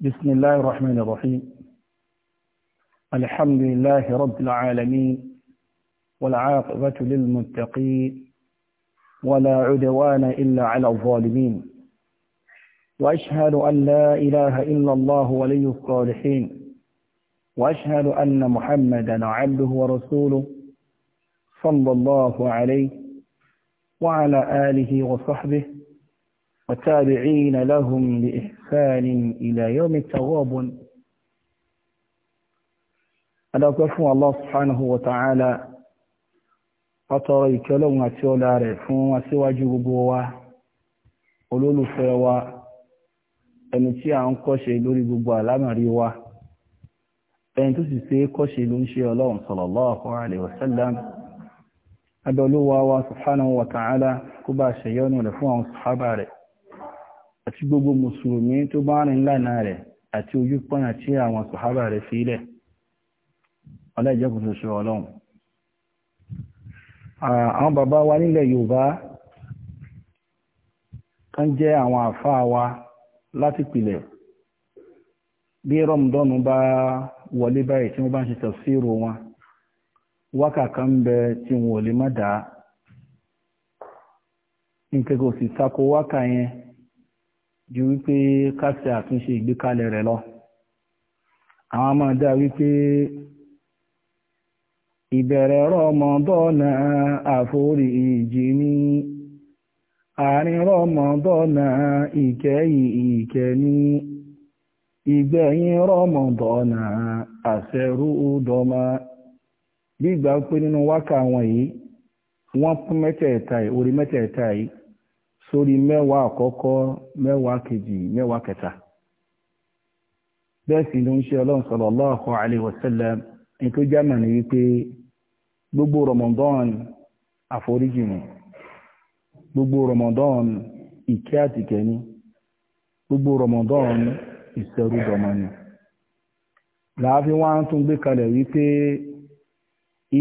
بسم الله الرحمن الرحيم الحمد لله رب العالمين والعاقبة للمتقين ولا عدوان إلا على الظالمين وأشهد أن لا إله إلا الله ولي الصالحين وأشهد أن محمدا عبده ورسوله صلى الله عليه وعلى آله وصحبه وتابعين لهم بإحسان إحسان إلى يوم التغابن adákọ́ fún Allah subhanahu wa ta'ala ọ̀tọ̀rọ̀ ìkẹ́lọ́hun àti ọlá rẹ̀ fún aṣíwájú gbogbo wa olólùfẹ́ wa ẹni tí a ń kọ́ṣe lórí gbogbo àlámàrí wa ẹni tó sì ṣe kọ́ṣe ló ń ṣe ọlọ́run sallallahu alaihi wasallam adọ́lúwa wa subhanahu wa ta'ala kó bá ṣe yọ́nù rẹ̀ fún àwọn sàhábà rẹ̀ àti gbogbo Musulmi tó bá rìn lànà rẹ̀ àti ojú pọ́nà tí àwọn sàhábà rẹ̀ sílẹ̀ ọlẹ́jẹ́kùn ṣoṣo ọlọ́run àwọn bàbá wa nílẹ̀ yorùbá kan jẹ́ àwọn wa láti pìlẹ̀ bí rọmdọ́nù bá wọlé báyìí tí wọ́n bá kan bẹ tí lè má dáa ju wípé káṣẹ àtúnṣe ìgbékalẹ̀ rẹ lọ àwọn máa dá wípé ìbẹ̀rẹ̀ rọmọdọ́nà àforíjì ní àárín rọmọdọ́nà ìkẹyìn ìkẹni ìgbẹ̀yìn rọmọdọ́nà àṣẹrú ọdọ́mà bí ìgbà pé nínú wákà wọn yìí wọ́n pín mẹ́tẹ̀ẹ̀ta yìí orí mẹ́tẹ̀ẹ̀ta yìí sórí mẹ́wàá àkọ́kọ́ mẹ́wàá kejì mẹ́wàá kẹta bẹ́ẹ̀ sì ló ń ṣe ọlọ́run sallallahu alaihi nke ní wípé gbogbo Ramadan àforíjì ni gbogbo Ramadan ìkẹ́ àtìkẹ́ ni gbogbo Ramadan ìṣẹ́rúdọ̀mọ́ ni láàfin wá kalẹ̀ wípé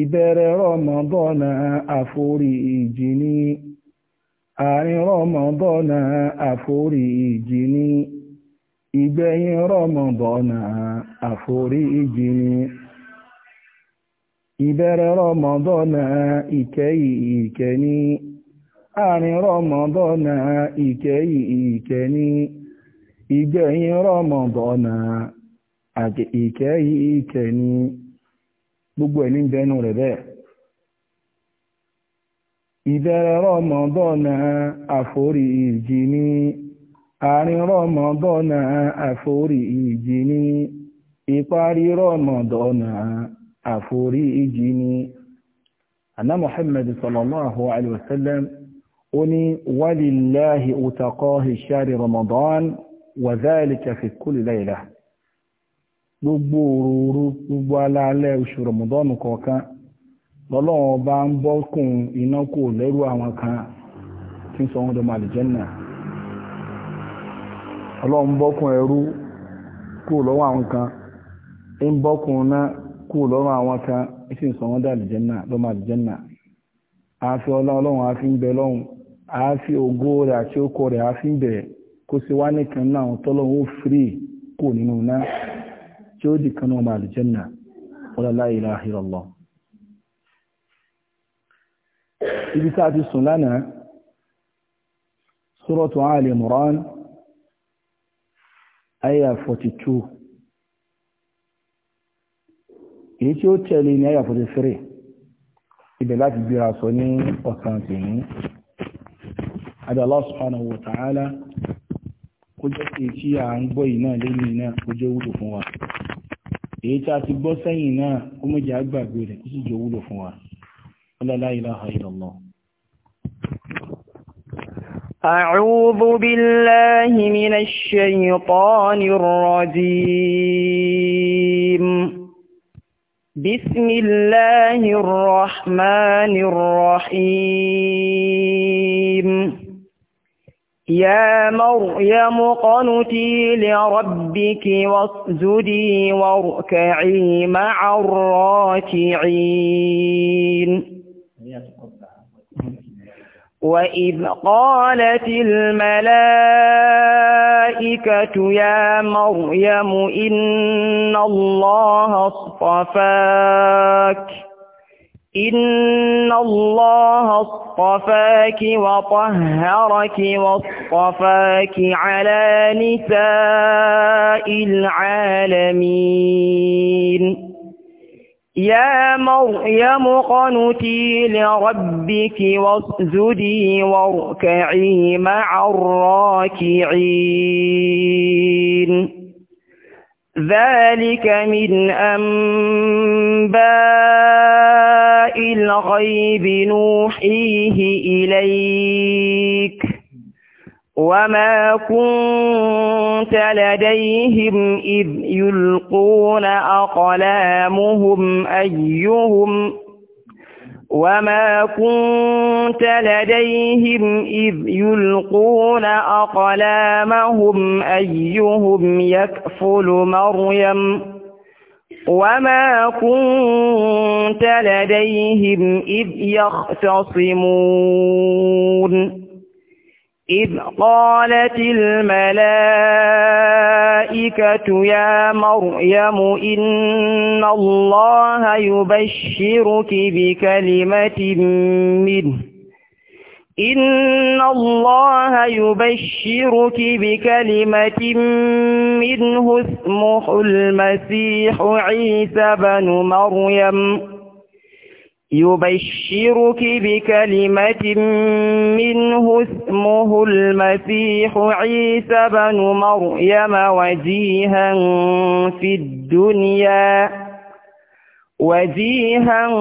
ìbẹ̀rẹ̀ Ramadan àforíjì ni àárín rọmọbọnà ìjì ni ìgbẹ̀yìn rọmọbọnà ìjì ni ìbẹ̀rẹ̀ rọmọbọnà ìkẹyì ìkẹni àárín rọmọbọnà ìkẹyì ìkẹni ìgbẹ̀yìn rọmọbọnà ìkẹyì ìkẹni gbogbo ẹ̀ ní bẹnu rẹ̀ bẹ́ẹ̀. ìbẹ̀rẹ̀ rọmọdọ́nà àforí ìjì ni àárín rọmọdọ́nà àforí ìjì ni ìparí rọmọdọ́nà àforí ìjì ni àná Muhammad sallallahu alayhi wa sallam ó ní wàlìláhi òtàkọ́ ìṣàrí rọmọdọ́n wà záàlìkà fi kúlì gbogbo òrùrù gbogbo alálẹ́ oṣù rọmọdọ́nù kọ̀ọ̀kan lọ́lọ́wọ́ bá ń bọ́kùn iná kò lẹ́rù àwọn kan tí ń sọ wọn àlìjẹ́nà ọlọ́run bọ́kùn ẹrú kò lọ́wọ́ àwọn kan ń bọ́kùn iná kò lọ́wọ́ àwọn kan tí ń sọ wọn dọ àlìjẹ́nà àfi ọlọ́run àfi ń bẹ firi kò nínú iná tí ó di kan náà ibi tá a ti sùn lánàá suratu Ali Imran aya 42 èyí tí ó tẹ̀lé ní aya 43 ibẹ̀ láti gbéra sọ ní ọ̀sán tèmi adà Allah subhanahu wa ta'ala kó jẹ́ sí tí a ń gbọ́ lẹ́yìn náà kó jẹ́ wa èyí tí a ti gbọ́ sẹ́yìn náà kó mọ́jà gbàgbé rẹ̀ kó sì jẹ́ wúlò wa ilaha أعوذ بالله من الشيطان الرجيم بسم الله الرحمن الرحيم يا مريم قنتي لربك واسجدي واركعي مع الراكعين وَإِذْ قَالَتِ الْمَلَائِكَةُ يَا مَرْيَمُ إِنَّ اللَّهَ اصْطَفَاكِ إِنَّ اللَّهَ اصْطَفَاكِ وَطَهَّرَكِ وَاصْطَفَاكِ عَلَى نِسَاءِ الْعَالَمِينَ يا مريم قنتي لربك واسجدي واركعي مع الراكعين ذلك من أنباء الغيب نوحيه إليك وما كنت لديهم إذ يلقون أقلامهم أيهم وما كنت لديهم إذ يلقون أقلامهم أيهم يكفل مريم وما كنت لديهم إذ يختصمون إذ قالت الملائكة يا مريم إن الله يبشرك بكلمة منه إن الله يبشرك بكلمة منه اسمه المسيح عيسى بن مريم يبشرك بكلمة منه اسمه المسيح عيسى بن مريم وجيها في الدنيا وجيها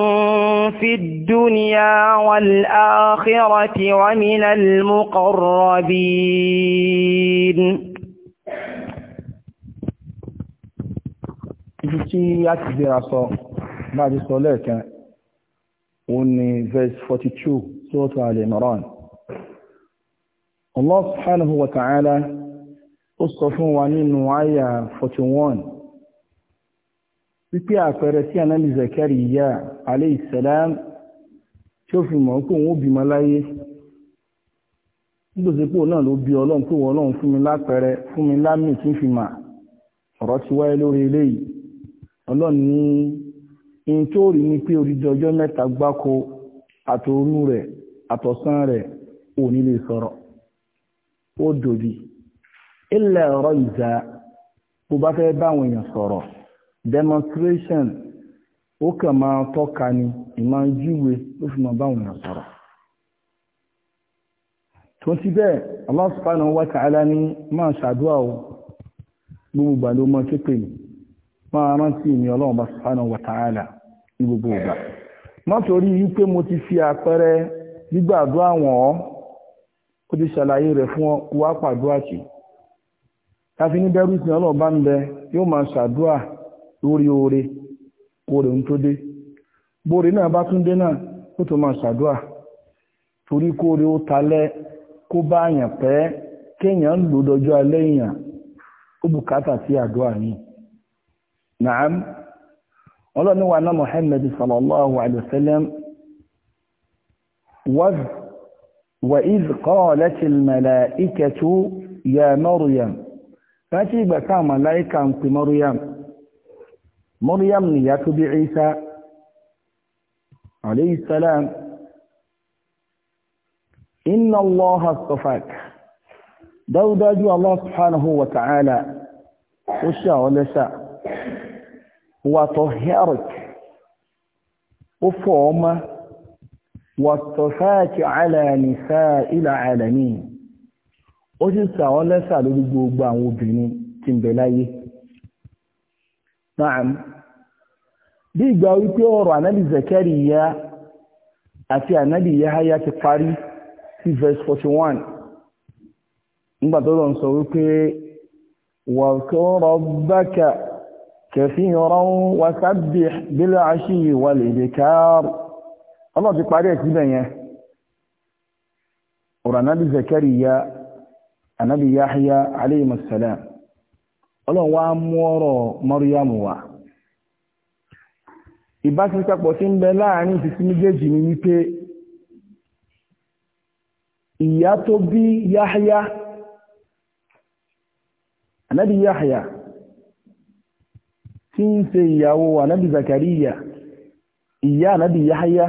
في الدنيا والآخرة ومن المقربين Ibi tí a òun ni verse 42 sọ́tọ̀ Al-Imran Allah subhanahu wa ta'ala sọ wa 41 wípé àpẹẹrẹ si anábì Zakariya alayhi salam tí ó fi mọ̀ pé òun ó bímọ láyé nígbòsípò náà ló bí ọlọ́run pé wọ́n ọlọ́run fi in tó rí ni pé odidi ọjọ́ mẹ́ta gbáko àtòrú rẹ̀ àtọ̀sán rẹ̀ ò ní lè sọ̀rọ̀ ó o ilẹ̀ ọ̀rọ̀ ìjà bó bá fẹ́ báwọn èèyàn sọ̀rọ̀ demonstration ó kàn máa tọ́ka ni ìmọ̀ júwe ló fi máa báwọn èèyàn sọ̀rọ̀ tó ti bẹ́ẹ̀ Allah subhanahu wa ta'ala ní máa ṣàdúrà ní gbogbo ìgbà má torí wípé mo ti fi àpẹẹrẹ gbígbàdúrà wọ̀n ọ́ ó ti ṣàlàyé rẹ̀ fún ọ wá pàdúrà káfí ní bẹ́rù ìsìn ọlọ́run ń bẹ yóò máa ṣàdúrà lórí oore oore ń tó dé bóore náà bá tún dé náà ó tó máa a torí kóore ó talẹ́ kó bá àyàn kéèyàn ń lò èèyàn ó bùkátà sí ọlọ́ni wa náà Muhammad sallallahu alayhi wa sallam wa idh qalatil mala'ikatu ya Maryam láti ìgbà táà màláìkà ń pè Maryam Maryam ni ya tó bí Isa alayhi salam inna Allah astafak dáúdájú Allah subhanahu wa ta'ala ó ṣe àwọn وطهرك وفوما واصطفاك على نساء العالمين ó sì sọ àwọn lẹ́sà lórí gbogbo àwọn obìnrin tí ń bẹ láyé náà bí ìgbà wípé ọ̀rọ̀ ànábì Zakariya àti ànábì Yahaya ti parí sí verse 41 nígbà tó lọ sọ كثيرا وسبح بالعشي والإبكار الله ti parí ẹ̀sí bẹ̀yẹn ya anábi zakariya anábi yahya aleyhimussalam ọlọ́run wá mú ọ̀rọ̀ maryamu wá ìbáṣepọ̀ ń bẹ láàrin ìsìsí méjèèjì ni wípé ìyá tó bí yahya anábi yahya tí ń ṣe ìyàwó ànábì zakariya ìyá ànábì yahaya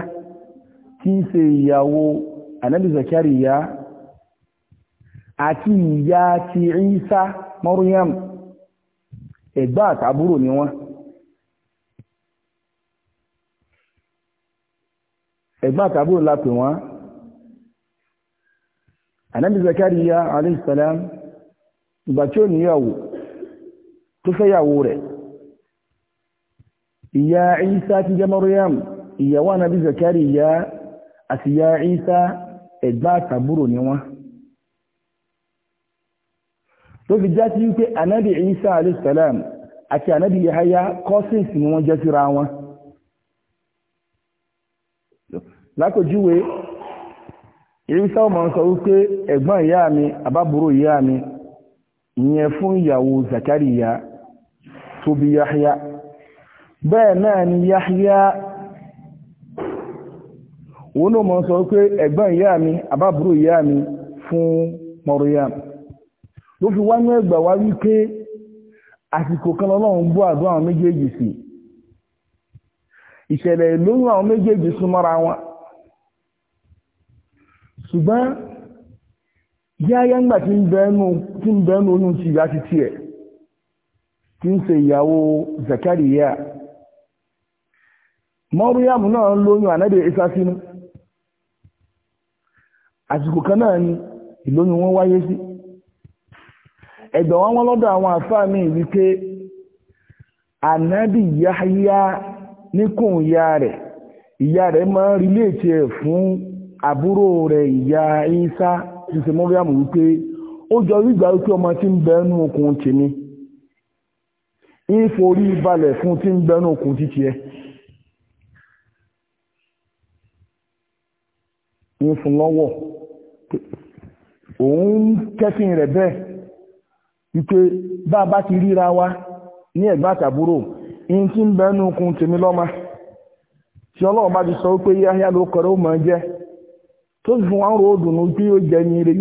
tí ń ṣe ìyàwó ànábì zakariya àti ìyá ti Isa maryam ẹ̀gbá àtàbúrò ni wọ́n ẹ̀gbá àtàbúrò lápẹ̀ wọ́n ànábì zakariya alayhi salam ìgbà tí ó níyàwó tó fẹ́yàwó rẹ̀ ìyá isa ti jẹ́ Maryam ìyàwó ànábì Zakariya àti ìyá Ìsá ẹ̀gbá àtàbúrò ni wọ́n tó fi já sí wípé ànábì Ìsá alayhi salam àti ànábì Yahaya cousins ni wọ́n jẹ́ síra wọn lákòjúwe isa ọmọ sọ wípé ẹ̀gbọ́n ìyá mi àbábúrò ìyá mi ìyẹn fún ìyàwó Zakariya tó bí Yahaya bẹ́ẹ̀ náà ni Yahya òun ló mọ̀ sọ pé ẹ̀gbọ́n ìyá mi àbábúrò ìyá mi fún Maryam ló fi wánú ẹgbà wá wípé àsìkò kan lọ́lọ́run bú àdó àwọn méjèèjì sí ìṣẹ̀lẹ̀ lóyún àwọn méjèèjì súnmọ́ra wọn ṣùgbọ́n yáyá ńgbà tí ń bẹ́ẹ̀nu oyún ti ìyá tí ń mọ́ríyàmù náà lóyún ànábì Ìsá sínú àsìkò kan náà ni wọn wáyé sí ẹ̀gbọ̀n wọn lọ́dọ̀ àwọn àfáà mi wípé ànábì Yahya níkùn ya rẹ̀ ìyá rẹ̀ máa ń rìlẹ́ẹ̀tì ẹ̀ fún àbúrò rẹ̀ ìyá Ìsá wípé ó jọ wípé ọmọ tí ń bẹ okùn tèmi ń balẹ̀ fún tí ń okùn ń fún lọ́wọ́ òun kẹ́sìn rẹ̀ bẹ́ẹ̀ wípé bá a bá ti ríra wa ní ẹ̀gbá àtàbúrò in tí ń bẹ́nu kun tèmi lọ́mà tí ọlọ́run bá ti sọ wípé yáyá ló kọ̀rọ̀ ó mọ̀ jẹ́ tó sì fún wa ń ro òdùnnú pé ó jẹ ní ilé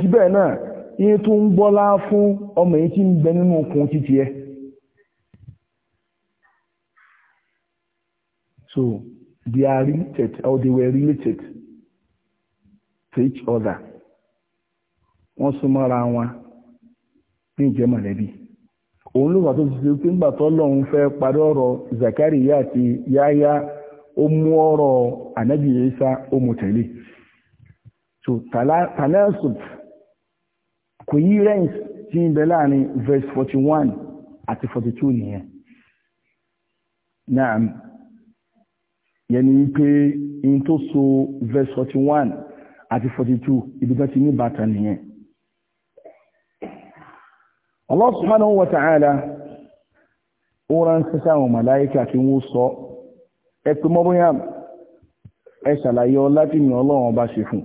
ti bẹ́ẹ̀ náà ihe tó ń fun fún ọmọ tí ń bẹ nínú They are related or they were related to each other. Wọ́n súnmọ́ ara wọn ní ìjẹ́ mọ̀lẹ́bí. Òun ló wà tó ti pé ńgbà tó lọ́run fẹ́ parí ọ̀rọ̀ Zakariya àti Yáyá ó mú ọ̀rọ̀ Ànábì ó mú tẹ̀lé. So Tanasub kò yí rẹ́ǹsì tí ń forty one àti forty two nìyẹn. yẹn ni pé in tó so verse forty one àti forty two ibi tó ti ní bàtà nìyẹn. Allah subhanahu wa ta'ala ó ránṣẹ́ sáwọn màláíkà kí wọ́n sọ ẹ pé ẹ ṣàlàyé ọlá ọba ṣe fún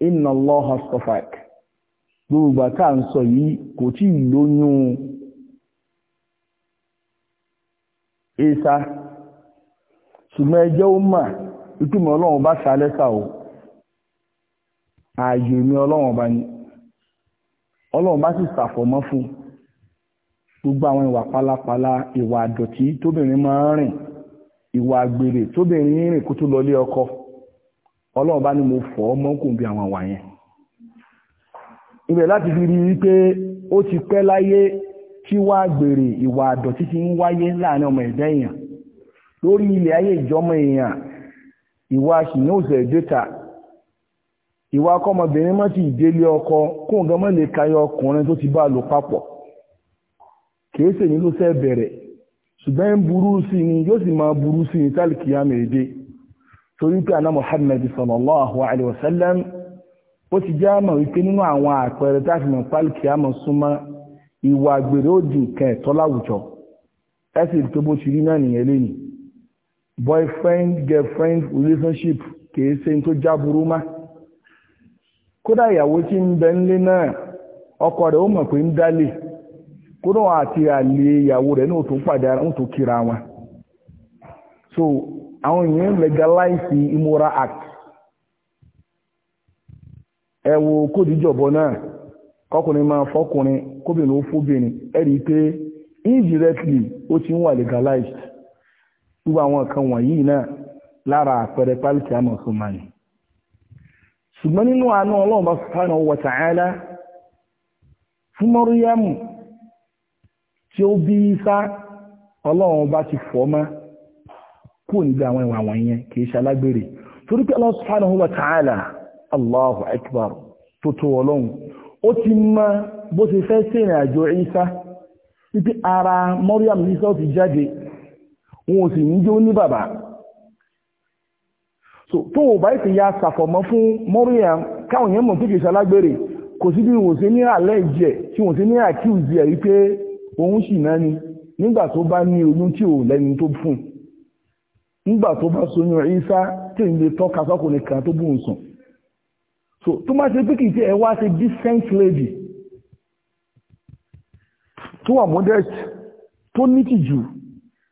inna Allaha astafak gbogbo àtà ń sọ yìí kò tí ì ṣùgbọ́n ẹjẹ́ ó mà ìtumọ̀ ọlọ́run bá ṣàlẹ́sà o ààyè mi ọlọ́run bá ní ọlọ́run bá sì ṣàfọ̀mọ́ fún gbogbo àwọn ìwà pálapàla ìwà àdọ̀tí tóbìnrin máa ń rìn ìwà àgbèrè tóbìnrin rìn kó tó lọlé ọkọ ọlọ́run bá ní mo fọ̀ ọ́ mọ́kùn bí àwọn àwà yẹn ibẹ̀ láti fi rí wípé ó ti pẹ́ láyé tí wá àgbèrè ìwà àdọ̀tí ti ń wáyé láàrin ọmọ ẹ̀dá èèyàn lórí ilẹ̀ ayé ìjọmọ èèyàn ìwà ṣìyànṣẹ̀ dẹ́ta ìwà ọkọmọbìnrin mọ́ ti ìdélé ọkọ kó nǹkan mọ́ lè kayọ ọkùnrin tó ti bá lò papọ̀ kìí sì ló sẹ́ bẹ̀rẹ̀ ṣùgbọ́n ń burú sí ni yóò sì máa burú sí ni torí pé àná ó ti já mọ̀ wípé nínú àwọn àpẹẹrẹ mọ̀ súnmọ́ ìwà àgbèrè ó ẹ̀tọ́ láwùjọ tó bó ti rí náà nìyẹn boyfriend girlfriend relationship kìí ṣe tó jáburú ma. kódà ìyàwó tí ń bẹ nílé náà ọkọ rẹ̀ ó mọ̀ pé ń dálé kódà wọn àti àlè ìyàwó rẹ̀ náà tó pàdé ara wọn tó kira wọn so àwọn èèyàn legalize immoral act ẹ wo kódìjọbọ náà kọkùnrin máa fọkùnrin kóbìnrin ó fóbìnrin ẹ rí i pé indirectly ó ti ń wà legalized gbogbo àwọn nǹkan wọ̀nyí náà lára àpẹẹrẹ pálíkì àmọ̀ tó máa ní ṣùgbọ́n nínú àánú ọlọ́run bá subhanahu wa ta'ala fún mọ́ríyámù tí ó bí sá ọlọ́run bá ti fọ́ mọ́ kúrò níbi àwọn ìwà wọ̀nyẹn kì í ṣe alágbèrè torí pé ta'ala Allahu akbar tó tó ọlọ́run ó ti mọ bó ti fẹ́ sí ìrìn àjò Ìsá wọn ò sì ní jó ní bàbá so tó o bá ti ya sàfọ̀mọ́ fún Mariam káwọn yẹn mọ̀ tó kìí ṣalágbèrè kò sí bí wọ́n ṣe ní àlẹ́ ìjẹ́ tí wọ́n ṣe ní àkíyèsí ẹ̀ wípé òun sì náà ni nígbà tó bá ní oyún tí ò lẹ́ni tó fún nígbà tó bá soyún Ìsá tí ń lè tọ́ka sọ́kùnrin kan tó bùn sùn so tó má ṣe pé kìí ṣe ẹ wá ṣe decent lady tó wà modest tó nítìjú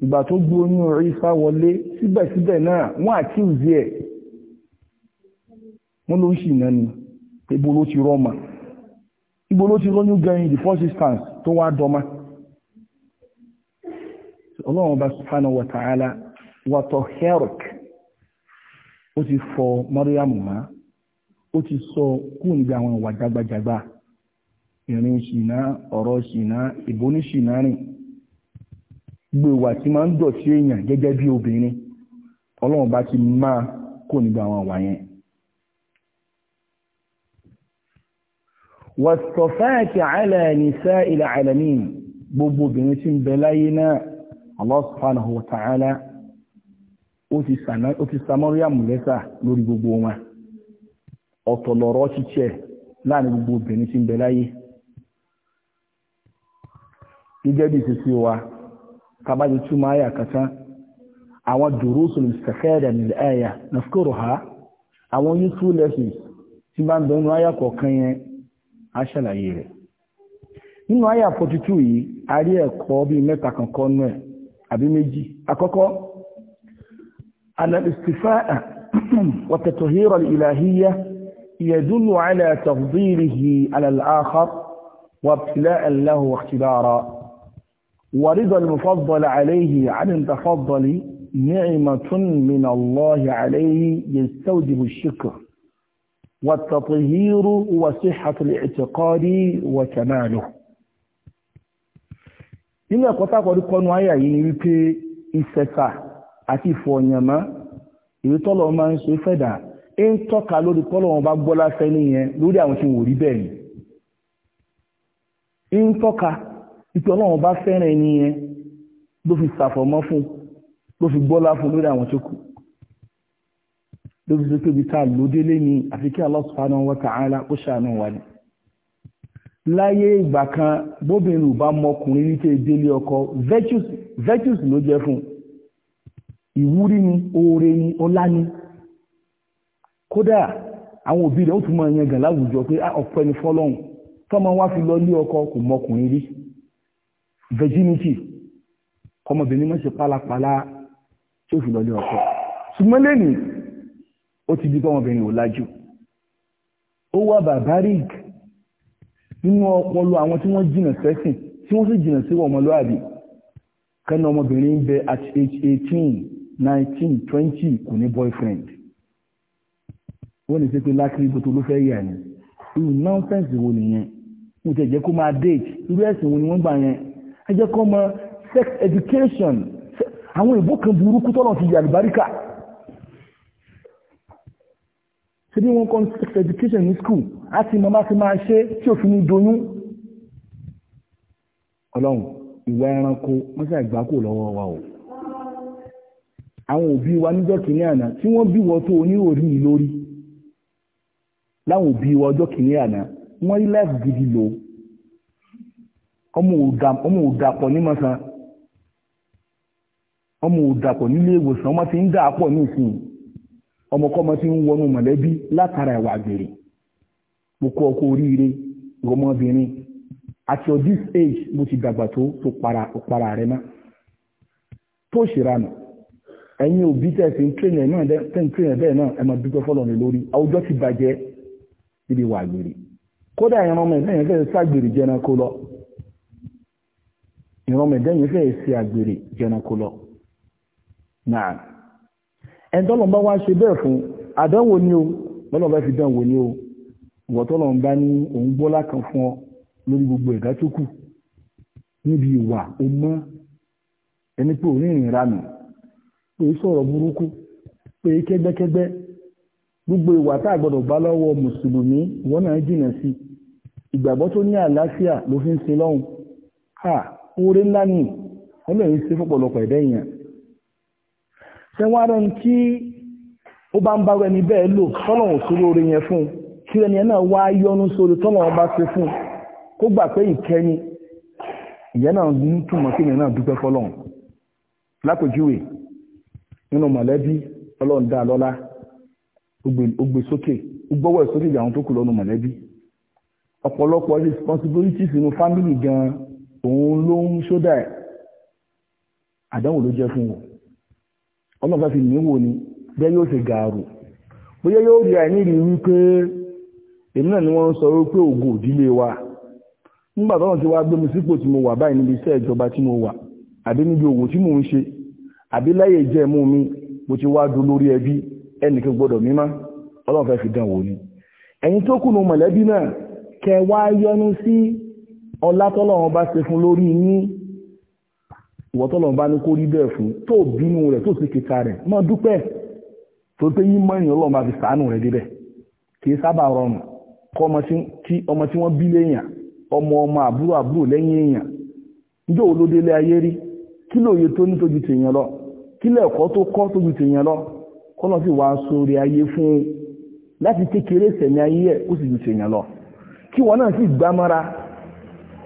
ìgbà tó gbé oyún Ìsá wọlé síbẹ̀síbẹ̀ náà wọ́n àti ìzí ẹ̀ wọ́n ló ń ṣì náà ni ibo ló ti rọ́mà ibo ló ti the first instance tó wá dọ́mà ọlọ́run bá subhanahu wato wàtọ̀ herrick ó ti fọ Mariam má ó ti sọ kú níbi àwọn ìwà jágbajàgba ìrìn ṣìnà ọ̀rọ̀ ṣìnà gbogbo ìwà tí máa ń dọ̀tí èèyàn gẹ́gẹ́ bí obìnrin ọlọ́run bá ti máa kó nígbà àwọn àwà yẹn wàtọ̀fẹ́ẹ̀kì àìlẹ̀nìṣẹ́ ilẹ̀ ya gbogbo obìnrin tí ń bẹ láyé náà Allah subhanahu wa ó ti sa Mọ́ríàmù lórí gbogbo wọn ọ̀tọ̀lọ̀rọ̀ ṣiṣẹ́ láàrin gbogbo obìnrin tí ń bẹ láyé gẹ́gẹ́ bí ìṣesí wa tabali túmọ̀ àyà kàtán àwọn durusul istifaada min al-aya nazkuruha àwọn useful lessons tí bá ń bẹ nínú àyà kọ̀ọ̀kan yẹn á ṣàlàyé rẹ̀ nínú 42 yìí a rí ẹ̀kọ́ bíi mẹ́ta kankan nú ẹ̀ àbí méjì àkọ́kọ́ al-istifaa wa at al-ilahiyya يدل على تفضيله على الآخر وابتلاء له واختبارا ورضا المفضل عليه عن المتفضل نعمة من الله عليه يستوجب الشكر والتطهير هو صحة الاعتقاد وكماله nínú ẹ̀kọ́ tákọ̀ọ́dí kọ́nu ayà yìí ni wípé ìfẹ̀fà àti ìfọ̀ọ̀yànmá èyí tọ́lọ̀ máa ń ṣe fẹ̀dà e ń tọ́ka lórí tọ́lọ̀ wọn bá gbọ́lá fẹ́ nìyẹn lórí àwọn tí wò rí bẹ́ẹ̀ ni ń tọ́ka ìpè ọlọ́run bá fẹ́ràn ẹni yẹn ló fi ṣàfọ̀mọ́ fún ló fi gbọ́lá fún lórí àwọn tó kù ló fi sọ pé ibi tá a lò délé ni àfi kí Allah subhanahu wa ta'ala ó ṣàánú wa ni láyé ìgbà kan bóbìnrin ò bá mọkùnrin ní tẹ́ délé ọkọ virtues virtues ló jẹ́ fún ìwúrí ni oore ni ọlá ni kódà àwọn òbí rẹ̀ ó tún mọ ẹ̀yẹn gàn láwùjọ pé ah, ọ̀pọ̀ ẹni fọ́lọ́hùn tọ́mọ wá fi lọ lé ọkọ kò mọkùnrin rí virginity kọmọbìnrin mọ́ sí pálapàla tí ó fi lọ lé ọkọ ṣùgbọ́n lẹ́nu ó ti di kọmọbìnrin ò lájú ó wà barbaric nínú ọpọlọ àwọn tí wọ́n jìnà sẹ́sìn tí wọ́n sì jìnà sí ọmọlúwàbí kẹ́nà ọmọbìnrin ń bẹ at age eighteen nineteen twenty kò ní boyfriend wọ́n lè ṣe pé lákìrí gbogbo ló fẹ́ yà ni irú nonsense wo nìyẹn mo tẹ̀ jẹ́ kó máa date irú ẹ̀sìn wo ni wọ́n gbà yẹn ẹjẹ́ kọ́ mọ sex education àwọn ìbò kan burúkú tọ́lọ̀ ti yà àlùbáríkà ṣe bí wọ́n kọ́ sex education ní school á ti mọ́ bá ti máa ṣe tí òfin ní doyún ọlọ́run ìwà ẹranko wọ́n sì àgbà kò lọ́wọ́ wa o àwọn òbí wa níjọ́ kìíní àná tí wọ́n bí wọ́n tó oníròrí lórí láwọn òbí wa ọjọ́ kìíní àná wọ́n rí láìpẹ́ gidi lò ọmọ pọ ní ọmụ ọmọ òdàpọ̀ nílé ìwòsàn ọmọ ti ń dà pọ̀ ní ìsìn ti ń wọnú mọ̀lẹ́bí látara ìwà àgbèrè mo kọ́ ọkọ oríire ọmọbìnrin àti age mo ti dàgbà tó tó para rẹ mọ́ tó ṣèrànà ẹ̀yin òbí tẹ̀sí ń tẹ̀yìn ẹ̀ náà tẹ̀ ń tẹ̀yìn ẹ̀ náà máa lórí àwùjọ ti bàjẹ́ kódà yẹn náà kó lọ ìran mẹ̀dẹ́yìn fẹ́ ṣe àgbèrè jẹranko lọ náà ẹ̀ńtọ́lọ̀ bá wá ṣe bẹ́ẹ̀ fún àdánwò ni o lọ́lọ́ bá fi dánwò ni o ìwọ̀tọ́lọ̀ ń bá ní òun gbọ́lá kan fún ọ lórí gbogbo ẹ̀dá tó kù níbi ìwà o mọ́ ẹni pé òun rìnrìn ranù pé sọ̀rọ̀ burúkú pé kẹ́gbẹ́kẹ́gbẹ́ gbogbo ìwà tá a gbọ́dọ̀ bá lọ́wọ́ mùsùlùmí wọn náà jìnà sí ìgbàgbọ́ tó ní àlàáfíà ló fi ń ṣe lọ́hùn oore ńlá ni ọlọ́run ṣe fọ́pọ̀lọpọ̀ ẹ̀dẹ́ èèyàn ṣẹ́wárán tí ó bá ń bá rẹni bẹ́ẹ̀ lò tọ́lọ̀hún sórí oore yẹn fún kí ẹni náà wá yọnu sórí tọ́lọ̀hún bá ṣe fún kó gbà pé ìkẹni ìyẹn náà ń túmọ̀ sí ìyẹn náà dúpẹ́ fọ́lọ́hún lápèjúwe nínú mọ̀lẹ́bí ọlọ́run dá lọ́lá ó gbé sókè ó gbọ́wọ́ ìsókè ìyàwó tó kù lọ́nu mọ̀lẹ́bí ọ̀pọ̀lọpọ̀ responsibilities inú family gan-an òun ló ń ṣódà ẹ̀ àdánwò ló jẹ́ fún wọn ọlọ́pàá fi níwò ni bẹ́ẹ̀ yóò ṣe gààrò bóyá yóò rí àìníri wípé èmi náà ni wọ́n ń sọ wípé ògùn òdílé wa nígbà tọ́nà tí wàá gbé mi sípò tí mo wà báyìí níbi iṣẹ́ ìjọba tí mo wà àbí níbi òwò tí mò ń ṣe àbí jẹ́ mú mi mo ti wá lórí ẹbí ẹnìkan gbọ́dọ̀ mímá fi dán wò ni ẹ̀yin tó kùnú ọlá tọ́lọ́run bá se fún lórí ní kó fún tó bínú rẹ̀ tó sì kíka rẹ̀ mọ́ dúpẹ́ tó pé yí mọ́yìn ọlọ́run bá fi sàánù rẹ̀ débẹ̀ kì í sábà rọrùn kọ́ ọmọ tí wọ́n bí léèyàn ọmọ ọmọ àbúrò àbúrò lẹ́yìn èèyàn níjọ́ wo ayé rí kí tó ní tèèyàn lọ kí ẹ̀kọ́ tó kọ́ tèèyàn lọ lọ kí wọn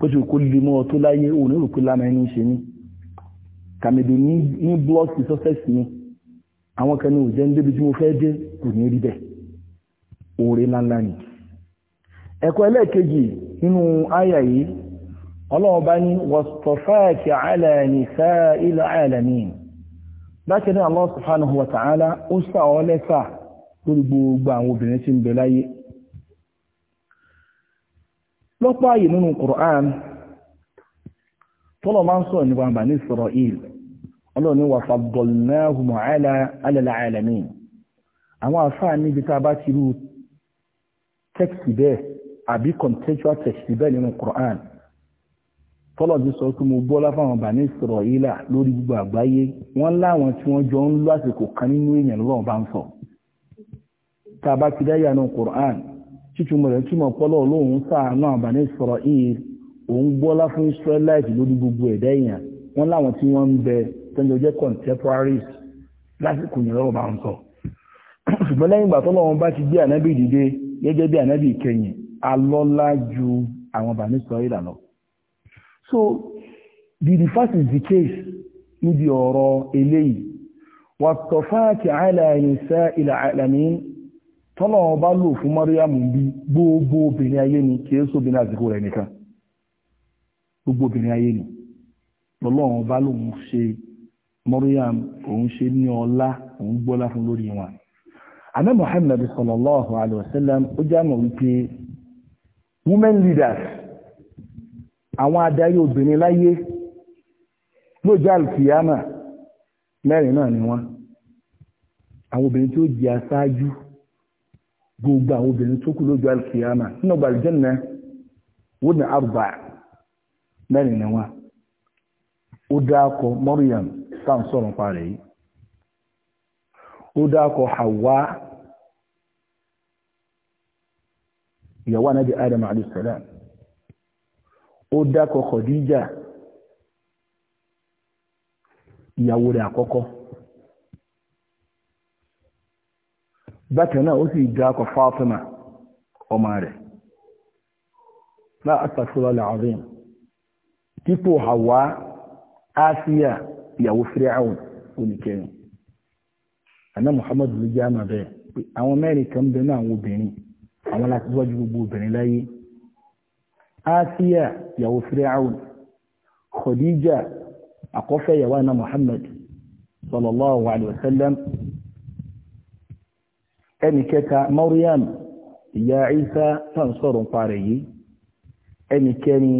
bó ti kó lè mọ́ tó láyé òun rò ẹni ṣe ní ní ni àwọn kan ní òjẹ́ ń débi tí mo fẹ́ dé kò ní rí bẹ́ẹ̀ oore ńláńlá ni ẹ̀kọ́ ẹlẹ́ẹ̀kejì nínú àyà yìí ọlọ́run bá ní wọ́stọ̀fáàkì ilẹ̀ ta'ala ó sà ọ́ lẹ́sà lórí gbogbo àwọn obìnrin tí ń bẹ láyé lọ́pọ̀ ààyè nínú Qur'an tọ́lọ̀ máa ń sọ̀rọ̀ nípa Bani Isra'il ọlọ́run ní wa faddalnahum ala al-alamin àwọn àfáà níbi tá a bá ti rú tẹ́kìtì bẹ́ẹ̀ àbí contextual tẹ́kìtì bẹ́ẹ̀ nínú Qur'an tọ́lọ̀ ti sọ pé mo bọ́lá fáwọn Bani Isra'il lórí gbogbo àgbáyé wọ́n láwọn tí wọ́n jọ ń lásìkò kan nínú èèyàn lọ́wọ́ bá ń sọ tá a bá ti dáyà nínú Qur'an títúmọ̀ rẹ̀ túmọ̀ pọ́lọ́ lóhun ṣàánú àbáni Israel òun gbọ́lá fún Israelite lórí gbogbo ẹ̀dá èèyàn wọ́n láwọn tí wọ́n ń bẹ tẹ́jọ jẹ́ contemporaries lásìkò yẹn lọ́wọ́ bá ń sọ. ṣùgbọ́n lẹ́yìn ìgbà tó lọ́wọ́ bá ti gbé ànábì dìde gẹ́gẹ́ bí ànábì kẹyìn alọ́lá ju àwọn àbáni Israel lọ. so the first is the case níbi ọ̀rọ̀ eléyìí wàtọ̀fáàkì àìlàyìn sẹ́ ìlà àìlàmín tọ́nà ọba lò fún Mariam bí gbogbo obìnrin ayé ni kìí sóbìnrin àsìkò rẹ̀ nìkan gbogbo obìnrin ayé ni lọ́lọ́run ọba lòun ṣe Mariam òun ṣe ní ọlá òun gbọ́lá fún lórí wọn àná Muhammad sallallahu alayhi wa sallam ó jámọ̀ wípé women leaders àwọn adarí obìnrin láyé ló jẹ́ alkiyama mẹ́rin náà ni wọ́n àwọn obìnrin tí ó aṣáájú gbogbo àwọn obìnrin tó kú lójú alkiyama nínú ọgbà àlùjànnà wọ́n ní arba mẹ́rin ni wọ́n ó dákọ Maryam sáà sọ̀rọ̀ parẹ̀ yìí ó dákọ Hawa ìyàwó anábì Adam alayhi salam ó dákọ Khadija ìyàwó rẹ̀ àkọ́kọ́ bákan náà ó sì dákọ̀ Fatima ọmọ rẹ̀ láà àtàkùrọ̀ làárín dípò Hawa Asiya ìyàwó Fir'aun oníkẹrin àná Muhammadu ló jẹ́ àmà bẹ́ẹ̀ pé àwọn mẹ́rin kan bẹ náà àwọn obìnrin àwọn láti wájú gbogbo obìnrin láyé Asiya ìyàwó Fir'aun Khadija àkọ́fẹ́ ìyàwó àná Muhammad sallallahu alayhi wa sallam ẹni kẹta Maryam ìyá Isa tán sọ̀rọ̀ parí yìí ẹni kẹni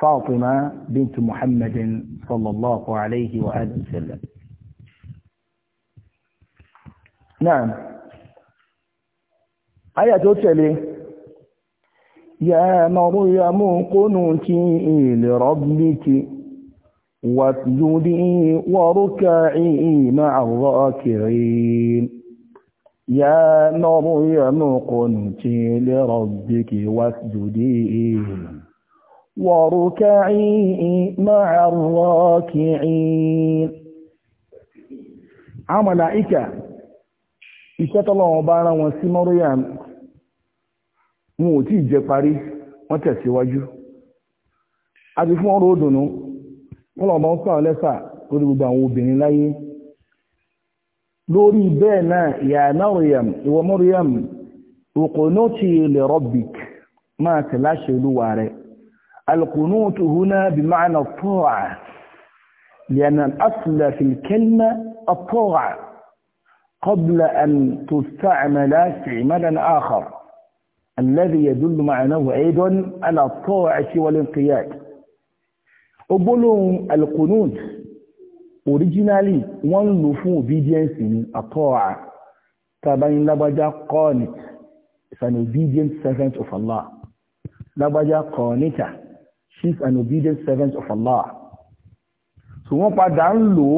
Fatima bintu Muhammadin sallallahu alayhi wa alihi sallam نعم آية تتلي يا مريم قنتي لربك واسجدي واركعي مع الراكعين يا مريم قنتي لربك واسجدي واركعي مع الراكعين àwọn màláíkà iṣẹ́ tọ́lọ́wọ́n bá rán wọn sí Maryam wọn ò tí ì jẹ parí wọ́n tẹ̀síwájú a ti لوري بانا يا مريم ومريم وقنوتي لربك ما تلاش دواري القنوت هنا بمعنى الطاعة لأن الأصل في الكلمة الطاعة قبل أن تستعمل في استعمالا آخر الذي يدل معناه أيضا على الطاعة والانقياد أبلهم القنوت originally wọ́n ń lò fún obedience ní àtọ́wà tàbáyín lágbájá kọ́ọ̀nì is an obedient servant of Allah lágbájá kọ́ọ̀nìta she is an obedient servant of Allah so wọ́n padà ń lò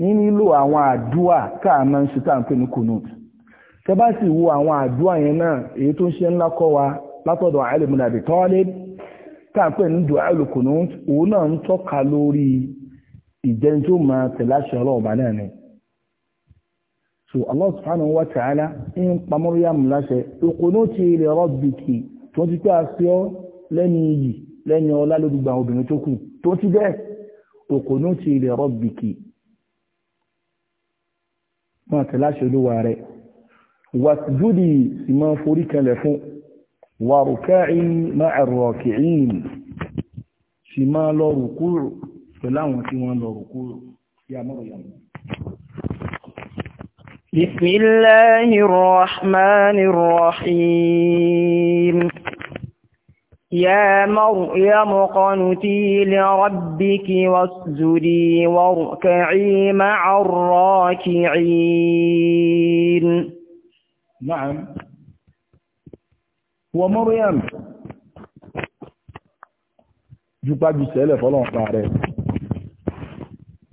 ní nílò àwọn àdúà káà máa ń ṣe tá à ń pè ní kunut tẹ bá sì wo àwọn àdúà yẹn náà èyí tó ń ṣe ńlá kọ́ wa látọ̀dọ̀ àìlèmúnàbì tọ́lé tá ń pè ní dùá ìlú òun náà ń tọ́ka lórí ìjẹun tó máa tẹ̀láṣẹ ọlọ́ọ̀bá náà ni so Allah subhanahu wa ta'ala ń pa Maryamu láṣẹ uqunuti li rabbiki tó ti pé àṣẹ ọ lẹ́ni iyì lẹ́ni ọlá ló gbogbo àwọn obìnrin tó kù tó ti bẹ́ẹ̀ uqunuti li rabbiki máa tẹ̀láṣẹ olúwa rẹ̀ wasjudi sì máa forí kanlẹ̀ fún warukaa'i ma'a raki'in sì máa lọ rùkúrù pẹ̀lú àwọn tí wọ́n lọ rùkú sí amọ́rọ̀ yàmù. Bismillahir Rahmanir Rahim. يا مريم قنتي لربك واسجدي واركعي مع الراكعين نعم ومريم جبا بسألة فلان قارئ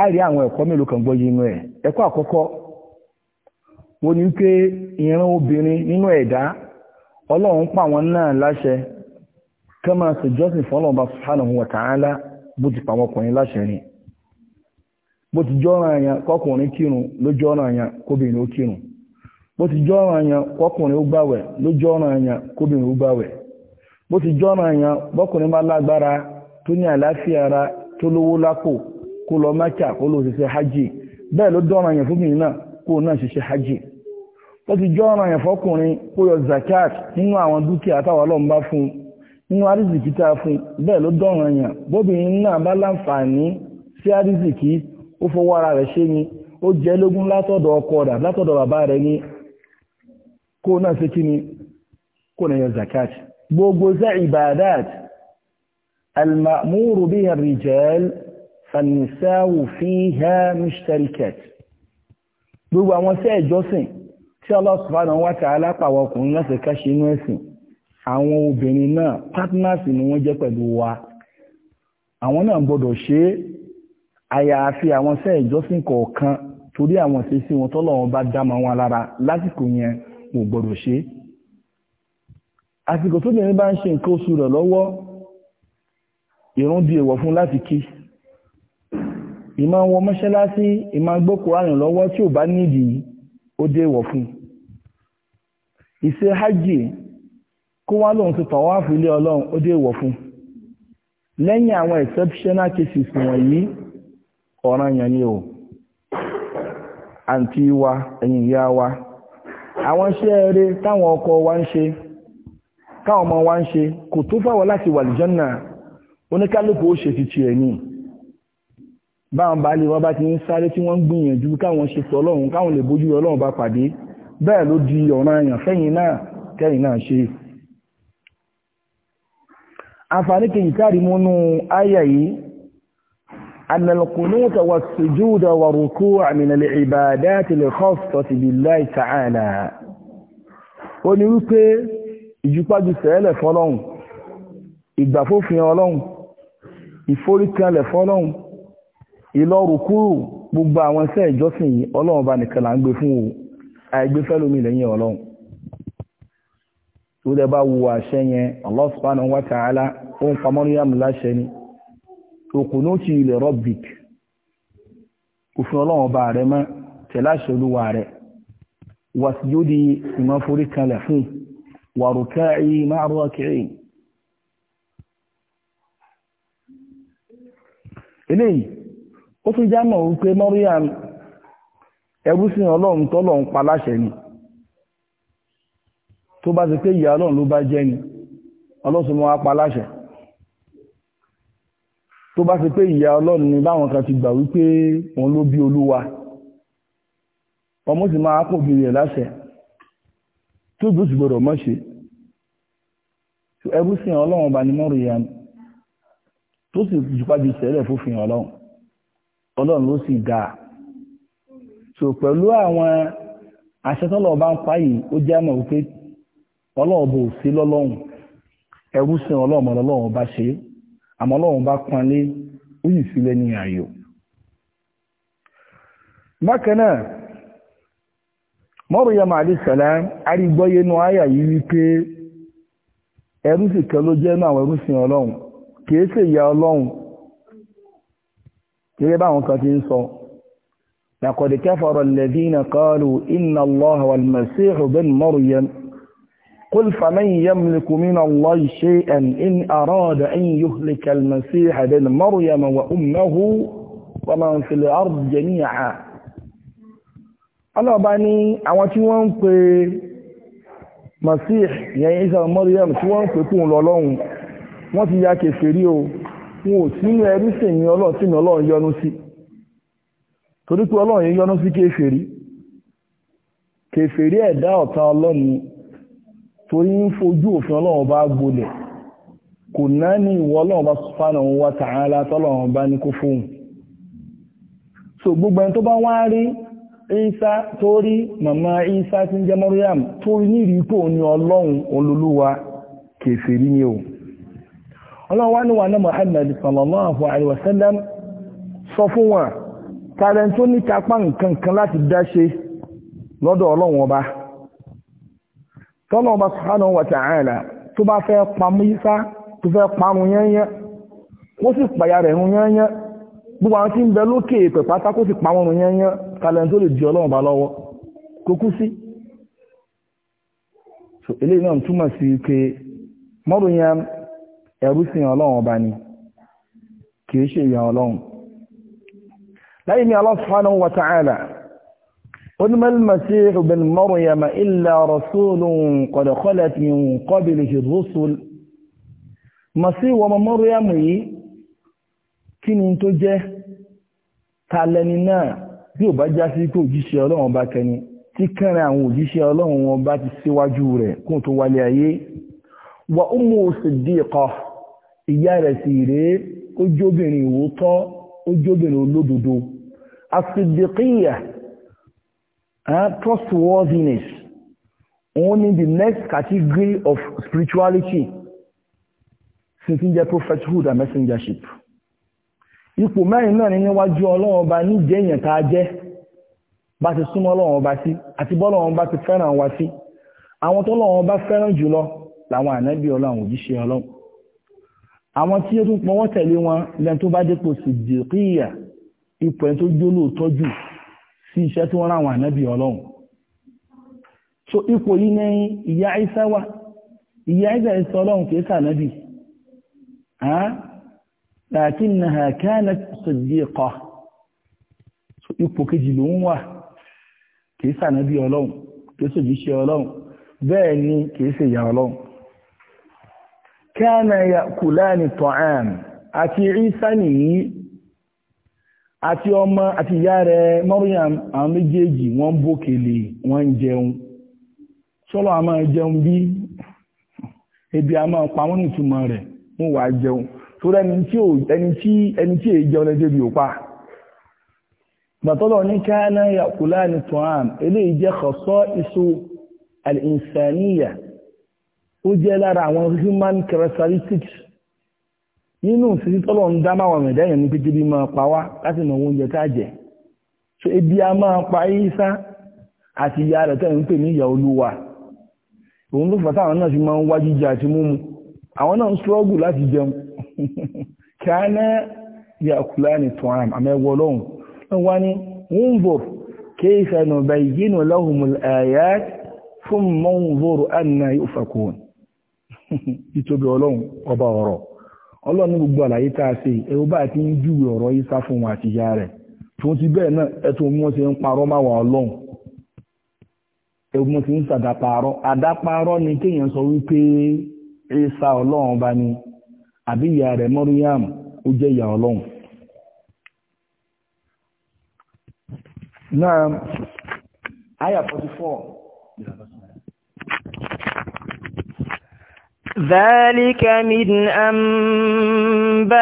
a rí àwọn ẹ̀kọ́ mélòó kan gbọ́yé inú ẹ̀ ẹ̀kọ́ àkọ́kọ́ wọ́n ní pé ìran obìnrin nínú ẹ̀dá ọlọ́run pa wọn náà láṣẹ kí wọ́n máa ṣèjọ́sìn fún ọlọ́run bá subhanahu wa bó ti pa wọn ọkùnrin láṣẹ rìn bó ti àyàn kọkùnrin kírun ló àyàn kóbìnrin ó kírun bó ti àyàn kọkùnrin ó gbàwẹ̀ ló àyàn kóbìnrin ó gbàwẹ̀ bó ti àyàn kó lọ mẹ́kà kó lọ ṣiṣẹ́ hajj bẹ́ẹ̀ ló dọ́ràn yẹn fún mi náà kó náà ṣiṣẹ́ hajj ó ti jọ́ràn yẹn fọkùnrin kó yọ zakat nínú àwọn dúkìá táwọn ọlọ́run bá fún nínú àrísìkí tá a fún bẹ́ẹ̀ ló dọ́ràn yẹn bóbìnrin náà bá láǹfààní sí àrísìkí ó fowó ara rẹ̀ ṣe ni ó jẹ́ lógún látọ̀dọ̀ ọkọ rẹ̀ látọ̀dọ̀ bàbá rẹ̀ ni kó náà ṣe kí ni kó náà yọ zakat gbogbo sẹ́ ibadat al-ma'muru biha فالنساء فيها مشتركات gbogbo àwọn iṣẹ́ ìjọsìn tí Allah subhanahu wa ta'ala pàwọ̀ ọkùnrin láti káṣe inú ẹ̀sìn àwọn obìnrin náà partners ni wọ́n jẹ́ pẹ̀lú wa àwọn náà gbọ́dọ̀ ṣe é àyàfi àwọn iṣẹ́ ìjọsìn kọ̀ọ̀kan torí àwọn ìṣesí wọn tọ́lọ́run bá dá mọ́ wọn lára lásìkò yẹn kò gbọ́dọ̀ ṣe é àsìkò tóbìnrin bá ń ṣe nǹkan oṣù rẹ̀ lọ́wọ́ ìrún di èèwọ̀ fún láti kí ìmọ̀ wọ mọ́ṣáláṣí ìmọ̀ gbọ́ kùránì lọ́wọ́ tí ò bá nídìí ó dé wọ̀ fún ìṣe hajj kó wá lóun ti tọ̀wáàfù ilé ọlọ́run ó dé wọ̀ fún lẹ́yìn àwọn exceptional cases wọ̀nyí ọ̀ràn yẹn ni o àǹtí wa ẹ̀yìn ìyá wa àwọn iṣẹ́ eré táwọn ọkọ wa ń ṣe táwọn ọmọ wa ń ṣe kò tó fáwọn láti wà lìjọ́nà oníkálùkù ó ṣe ti tiẹ̀ nìyí báwọn baálé wa bá ti ń sáré tí wọ́n ń gbìyànjú káwọn ṣe sọ ọlọ́run káwọn lè bójú ọlọ́run bá pàdé bẹ́ẹ̀ ló di ọ̀ràn èèyàn fẹ́yìn náà kẹ́yìn náà ṣe àǹfààní kejì káàrí múnú ayà yìí annalkunuta wa sujuda wa ruku'a min al-ibadati li khassati billahi ta'ala ó ní wípé ìjúpájú sẹ́ẹ̀lẹ̀ fọ́lọ́hun ìgbàfófin ọlọ́hun ìforíkanlẹ̀ fọ́lọ́hun ìlọrùkú gbogbo àwọn iṣẹ́ ìjọsìn yìí ọlọ́run bá nìkan là ń gbé fún o àìgbé fẹ́lómi lẹ́yìn ọlọ́run tó dẹ bá wo àṣẹ yẹn Allah subhanahu wa ta'ala ó ń pa Maryam láṣẹ ni òkùnútì ilẹ̀ rọ́bìk òfin ọlọ́run bá rẹ mọ́ tẹ̀láṣẹ olúwa rẹ wàsíjódì ìmọ̀ forí kanlẹ̀ fún wàrùkẹ́ máa rọ́kẹ́ eléyìí ó tún já mọ̀ wípé Maryam ẹrú sí ọlọ́run tọ́lọ̀ ń pa láṣẹ ni tó bá ti pé ìyá ọlọ́run ló bá jẹ́ ni ọlọ́sùn mọ́ apá láṣẹ tó bá ti pé ìyá ọlọ́run ni báwọn kan ti gbà wípé òun ló bí olúwa ọmọ sì máa pò bìrì ẹ̀ láṣẹ tó bí ó sì gbọdọ̀ mọ́ ṣe ẹrú sí ọlọ́run ọba ni Maryam tó sì jùpájú sẹ́lẹ̀ fófin ọlọ́run ọlọ́run ló sì dáa so pẹ̀lú àwọn àṣetọ́lọ̀ bá ń pa yìí ó jẹ́ mọ̀ wípé ọlọ́run bò sí lọ́lọ́run ẹrú sin ọlọ́run ọlọ́run bá ṣe àmọ́ ọlọ́run bá panlé ó yìí sílẹ̀ ní ayọ̀ bákan náà Maryam àyà yìí wípé sì ló jẹ́ àwọn ọlọ́run kìí gẹ́gẹ́ báwọn kan ti ń sọ laqad kafara alladhina qalu inna allaha wal masih bin maryam قل فمن يملك من الله شيئا إن أراد أن يهلك المسيح بن مريم وأمه ومن في الأرض جميعا ọlọ́ọ̀bá ní àwọn tí yẹn isa tí wọ́n ń pè kún lọ́lọ́hun wọ́n ti ya kèfèrí o wọn ò sí nínú ẹrí sì ní ọlọ́run sínú ọlọ́run yọ́nú sí torí pé ọlọ́run yìí yọ́nú sí kèfèrí kèfèrí ẹ̀dá ọ̀tá ọlọ́run torí ń fojú òfin ọlọ́run bá gbolẹ̀ kò náà ní ìwọ ọlọ́run bá subhanahu wa ta'ala tọ́lọ́run bá ní kó fóun so gbogbo ẹni tó bá wá rí isa, tó rí màmá Ìsá tí ń jẹ́ Maryam tó rí ní ìrí ní ọlọ́run olólùwà kèfèrí ni òun ọlọ́wọ́ ní wà ní Muhammad sallallahu alaihi wasallam sọ fún wọn tààrẹ tó ní kápá nǹkankan láti dáṣe lọ́dọ̀ ọlọ́wọ́n ọba tọ́lọ́ ọba subhanahu wa ta'ala tó bá fẹ́ pamú yísá tó fẹ́ parun yẹ́nyẹ́ ó sì pàyà rẹ̀ mọ́rùn yẹn ẹrú sìn ọlọ́run ọba ni kìí ṣe ìyà ọlọ́run lẹ́yìn ni Allah subhanahu wa ta'ala ó ní mal masihu bin maryama illa rasulun qad khalat min qablihi rusul masihu ọmọ maryama yìí kí ni tó jẹ́ talẹni náà bí ò bá já sí kó òjíṣẹ́ ọlọ́run ọba kẹni tí kẹrin àwọn òjíṣẹ́ ọlọ́run ọba ti síwájú rẹ̀ kó tó wálé ayé wa ummu siddiqah ìyá rẹ̀ sì rèé ó jóbìnrin ìwòótọ́ ó jóbìnrin olódodo asidikiya trustworthiness òun ni the next category of spirituality since jẹ́ prophethood and messengership ipò mẹ́rin náà ní níwájú ọlọ́run ọba níjẹ́ èèyàn tá a jẹ́ bá ti súnmọ́ ọlọ́run ọba sí àti bọ́lọ́run ọba ti fẹ́ràn wa sí àwọn tọ́lọ́run ọba fẹ́ràn jùlọ làwọn ànábì ọlọ́run òjíṣẹ́ ọlọ́run àwọn tí ó tún pọwọ́ tẹ̀lé wọn lẹ́n tó bá dépò sí dìríyà ipò ẹni tó jóló tọ́jú sí iṣẹ́ tí wọ́n ráwọn ànábì ọlọ́run so ipò yìí ní ìyá Ìsá wà ìyá Ìsá ìsọ ọlọ́run kìí sànábì lakinnaha kanat siddiqa so ipò kejì ló ń wà kìí sànábì ọlọ́run kìí sòjíṣẹ́ ọlọ́run bẹ́ẹ̀ ni kìí ṣèyà ọlọ́run kana yakulani ta'am àti Ìsá nìyí àti ọmọ àti ìyá rẹ̀ Maryam àwọn méjèèjì wọ́n ń bòkèlè wọ́n ń jẹun sọ́lọ́ a máa jẹun bí ebi a máa pa wọ́n ní ìtumọ̀ rẹ̀ wọ́n jẹun torí ẹni tí ẹni tí ẹni tí èyí jẹun lẹ́jẹ́ bí ò pa gbàtọ́lọ̀ ní kana yakulani ta'am eléyìí jẹ́ khasaisu al-insaniyah ó jẹ́ lára àwọn human characteristics nínú ìsinmi tọ́lọ̀ ń dá máwọn ọ̀rìn dẹ́yìn ní péjì bí máa pa wá láti mọ oúnjẹ tá jẹ so ebi a máa pa Ìsá àti ìyá rẹ̀ tẹ́yìn ń pè ní ìyá olúwa òun ló fàtà àwọn náà fi máa ń wá jíjẹ àti múmu àwọn náà ń struggle láti jẹun kí a ná ìyá ọkùnrin láàrin tó àrùn àmọ́ ẹwọ wá ní wọ́n bọ̀ kéèfẹ́ nù mọ̀lẹ́yà fún mọ́ń bọ̀rọ̀ àná ìfàkùn ìtòbí ọlọ́run ọba ọ̀rọ̀ ọlọ́run gbogbo àlàyé tá ṣe ti ń júwe ọ̀rọ̀ yìí fún wọn àti ìyá rẹ̀ tó ti bẹ́ẹ̀ náà ẹ̀tún mú ti ń parọ́ máa wà ọlọ́run ti ọba ni àbí ìyá rẹ̀ mọ́ríyàm ó jẹ́ ìyá ọlọ́run náà àyà ذلك من أنباء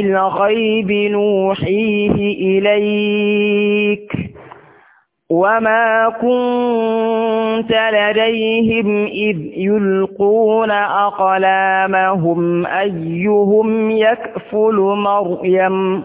الغيب نوحيه إليك وما كنت لديهم إذ يلقون أقلامهم أيهم يكفل مريم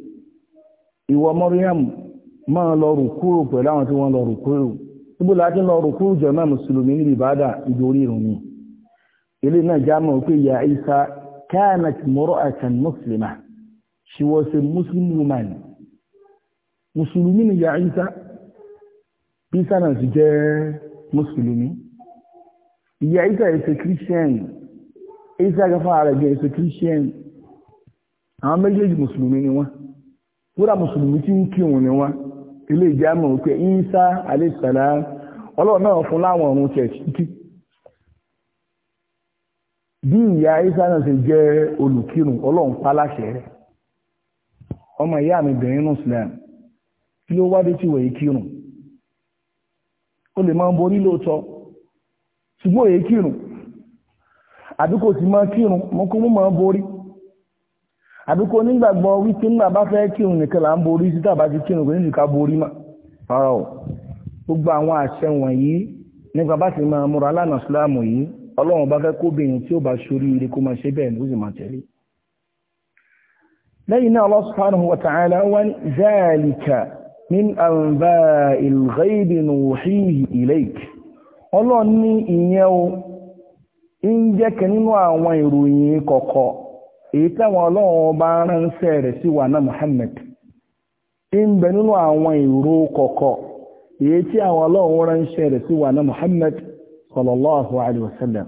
ìwọ Maryam máa lọ rùkúrù pẹ̀lú àwọn tí wọ́n lọ rùkúrù níbo láti lọ rùkúrù jàmáà mùsùlùmí ní ìbádà ìdórí ìrùn mi ilé náà já mọ̀ pé ìyá Isa kanat mur'atan muslima she was a muslim woman mùsùlùmí ni ìyá Isa Isa náà ti jẹ́ mùsùlùmí ìyá Isa is a Christian Isa gafa ara is a Christian àwọn méjèèjì mùsùlùmí ni wọ́n wúrà musulmi tí ń kírun ni wọ́n ilé ìjámọ̀ pé Isa alẹ́sàlá ọlọ́run náà fún láwọn ọ̀run tẹ̀síkí bí ìyá Isa náà ṣe jẹ́ olùkírun ọlọ́run paláṣẹ rẹ̀ ọmọ ìyá mi bìnrin nù Islam kí ló wádé tí wòye kírun ó lè máa ń borí lóòótọ́ ṣùgbọ́n kírun àbí kò sì máa kírun abiko kò nígbàgbọ́ wípé nígbà bá fẹ́ kírun nìkan là ń borí sí tàbá ti kírun kò ní ìdíkà borí mà rárá gbogbo àwọn àṣẹ wọ̀nyí nípa bá ti máa múra lánàá síláàmù yìí ọlọ́run bá fẹ́ kóbìnrin tí ó bá ṣorí ire kó máa min ọlọ́run ní ìyẹn o ń jẹ́ kẹ́ nínú àwọn ìròyìn kọ̀kọ̀ èyí táwọn ọlọ́run bá ránṣẹ́ rẹ̀ sí náà Muhammad ń bẹ nínú àwọn ìró kọ̀kọ̀ èyí tí àwọn ọlọ́run ránṣẹ́ rẹ̀ sí náà Muhammad sallallahu alaihi wasallam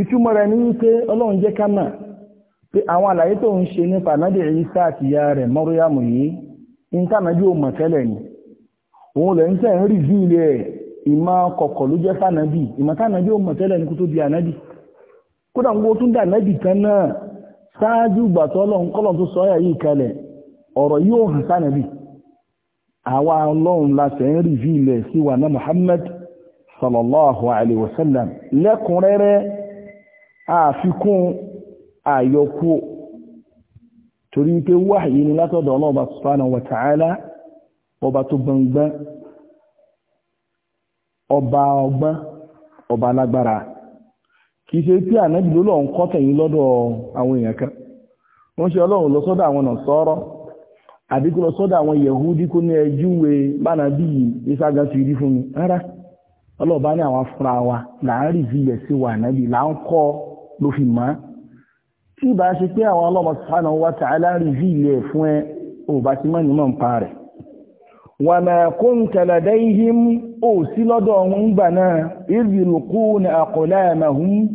ìtumọ̀ rẹ̀ ní wípé ọlọ́run jẹ́ ká pé àwọn àlàyé tó ń ṣe nípa náàdì èyí àti ìyá rẹ̀ Mọ́ríyàmù yìí ń tànájú ni òun lẹ́ ń ń rí kọ̀kọ̀ ló jẹ́ kódà gbogbo tún dà nẹ́bì kan náà ṣáájú ìgbà tó ọlọ́run kọ́lọ̀ tó sọ yìí kalẹ̀ ọ̀rọ̀ yóò hàn sánàbì àwa ọlọ́run ń rí fi ilẹ̀ sí wa náà Muhammad sallallahu alaihi wasallam lẹ́kùnrẹ́rẹ́ àfikún àyọkú torí pé wáyé ni látọ̀dọ̀ ọlọ́ọ̀bá subhanahu ọba tó gbọngbọ́n ọba ọgbọ́n ọba kìí ṣe pé ànábì ló lọ́n kọ́ tẹ̀yìn lọ́dọ̀ àwọn èèyàn kan wọ́n ṣe ọlọ́run lọ sọ́dọ̀ àwọn nọ̀sọ́rọ́ àbí kó lọ sọ́dọ̀ àwọn yẹ̀húdí kó ní ẹjúwe bánàbí ìṣàgán ti rí fún mi rárá ọlọ́ọ̀bá ní àwọn afúnra wa láàárín ìfilẹ̀ sí wa ànábì là ń kọ́ ló fi mọ́ tí ìbá ṣe pé àwọn ọlọ́mọ sàánà wa tààlà rí ìfilẹ̀ fún ẹ òbá ti mọ́ ní mọ̀ ń pa rẹ̀ wàmà kúntà làdáyìhìm ó sí lọ́dọ̀ wọn gbà náà ìrìlùkú ní àkọlá àmàhùn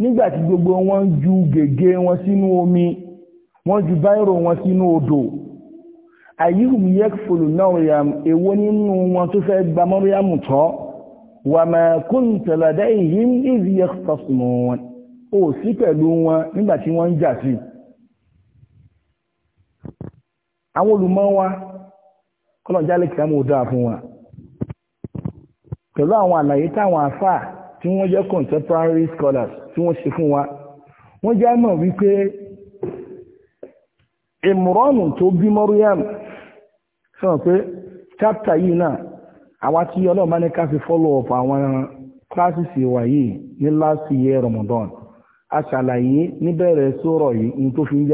nígbàtí gbogbo wọn ju gègé wọn sínú omi wọn ju báírò wọn sínú odò àyíhùn yẹ́kfòlù náwòyàm èwo nínú wọn tó fẹ́ gba mọ́ríyàmù tọ́ wàmà kúntà làdáyìhìm ìrì yẹ́kfọ́sùmọ̀ wọn ó sí pẹ̀lú wọn nígbàtí wọ́n ń jà sí àwọn olùmọ́ wa kọ́lọ̀n jálẹ̀ kí a fún wa pẹ̀lú àwọn àlàyé táwọn àfáà tí wọ́n jẹ́ contemporary scholars tí wọ́n ṣe fún wa wọ́n jẹ́ mọ̀ wípé ìmùrọ́nù tó bí mọ́ríyàm sọ̀rọ̀ pé chapter yìí náà àwa tí ọlọ́run bá ní àwọn classes wa ní last year Ramadan a ṣàlàyé sọ̀rọ̀ yìí ní tó fi ń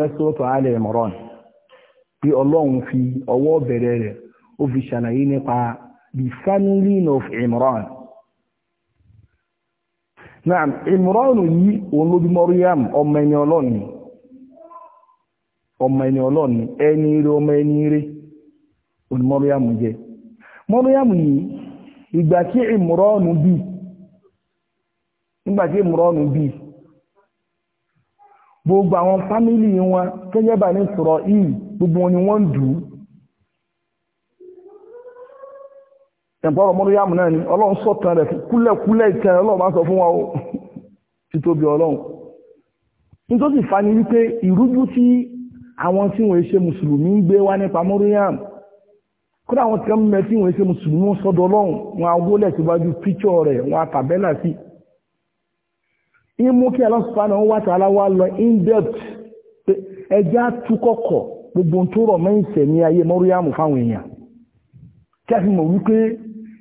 bí ọlọ́run ó fi ṣàlàyé nípa the family of Imran náà Imran yìí òun ló bí Maryam ọmọ ẹni ọlọ́ni ọmọ ẹni ọlọ́ni ẹni ire ọmọ ẹni ire òun jẹ yìí ìgbà tí Imran bí nígbà tí Imran bí gbogbo àwọn wọn kẹ́jẹ́ bá ní sọ̀rọ̀ yìí gbogbo wọn ni wọ́n tẹ̀m̀pọ̀rọ̀ mọ́ríyàmù náà ni ọlọ́run sọ̀tàn rẹ̀ kúlẹ̀kúlẹ̀ ìtẹ́ ọlọ́run máa sọ fún wa ó títóbi ọlọ́run nítorí sì fa ni wípé ìrújú tí àwọn tí wọ́n ṣe mùsùlùmí ń gbé wá nípa mọ́ríyàmù kódà àwọn tẹ́mú mẹ́ tí wọ́n ṣe mùsùlùmí wọn sọ́dọ̀ ọlọ́run wọn awólẹ̀ síwájú píchọ̀ rẹ̀ wọn àtàbẹ́là sí ìmú kí alọ́sùpánà wà tààlà wà lọ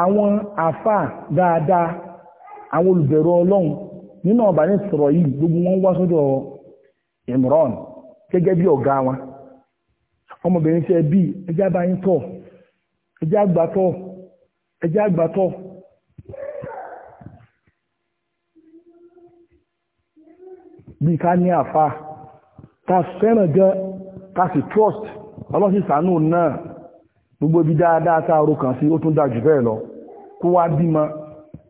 àwọn àfà dáadáa àwọn olùbẹ̀rù ọlọ́run nínú ọba ní sọ̀rọ̀ yìí gbogbo wọn wá sọ́dọ̀ Imran gẹ́gẹ́ bí ọ̀gá wọn ọmọbìnrin tẹ bí ẹjá bá yín tọ̀ ẹjá àgbàtọ̀ ẹjá àgbàtọ̀ bí ká ní àfà ká fẹ́ràn gan ká sì trust ọlọ́sìn sàánù náà gbogbo ibi dáadáa tá a ro kàn sí ó tún dájú bẹ́ẹ̀ lọ kó wá bímọ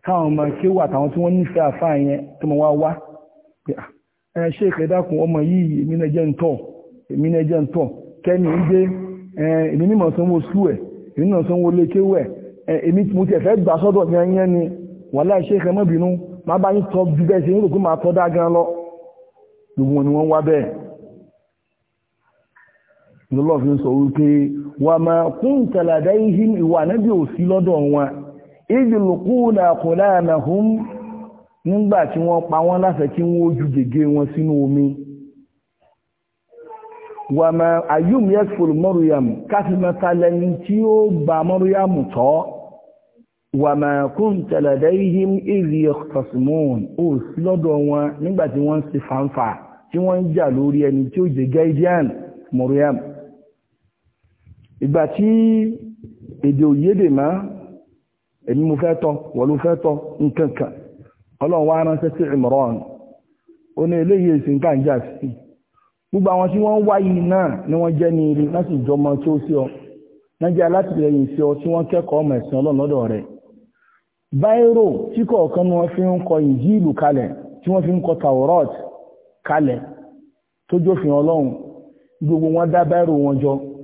káwọn ọmọ kéwù àtàwọn tí wọ́n nífẹ̀ẹ́ àfáà yẹn tó mọ wá wá ah, ẹ ṣe ìkẹ́dàkùn ọmọ yìí èmi náà jẹ́ ń tọ̀ èmi náà jẹ́ ń tọ̀ kẹ́ni ń dé èmi ní mọ̀ sanwó ẹ̀ èmi náà sanwó lé kéwù ẹ̀ èmi mo tiẹ̀ fẹ́ gbà sọ́dọ̀ yẹn ni wàhálà ṣe ìkẹ́ mọ́bìnú má bá yín tọ́ bí bẹ́ẹ̀ ṣe ń rò pé máa tọ́ dá gan lọ gbogbo ni wọ́n wá bẹ́ẹ̀ lọ́lọ́ fi ń sọ wípé wà máa kún tàlàdá ihim ìwà náàbí ò sí lọ́dọ̀ wọn ìjìlùkú na kùnlá na hún nígbà tí wọ́n pa wọ́n láṣẹ kí wọ́n ojú gègé wọn sínú omi wà máa ayúm yẹ́sùl mọ́rùyàmù káfíńtà lẹ́ni tí ó gba mọ́rùyàmù tọ́ wà máa kún tàlàdá ihim ìrì ọ̀sọ̀sùmọ́ọ̀n ò lọ́dọ̀ wọn nígbà tí wọ́n ń ṣe fàǹfà tí wọ́n ń jà lórí ẹni tí ó jẹ́ gẹ́gẹ́ mọ́rùyàmù ìgbà tí èdè òyédè má èmi mo fẹ́ tọ́ wọ́n fẹ́ tọ́ nǹkan ọlọ́run wá ránṣẹ́ sí Imran ó ní eléyìí èsì nǹkan jà sí gbogbo àwọn tí wọ́n wáyé náà ni wọ́n jẹ́ ní ma láti jọmọ tí ó sí ọ wọ́n alátìlẹyìn sí ọ tí wọ́n kẹ́kọ̀ọ́ ọmọ ẹ̀sìn ọlọ́run lọ́dọ̀ rẹ̀ ni wọ́n fi ń kọ ìjìlù kalẹ̀ tí wọ́n fi ń kọ tàwọ́rọ́ọ̀tì kalẹ̀ tó jófin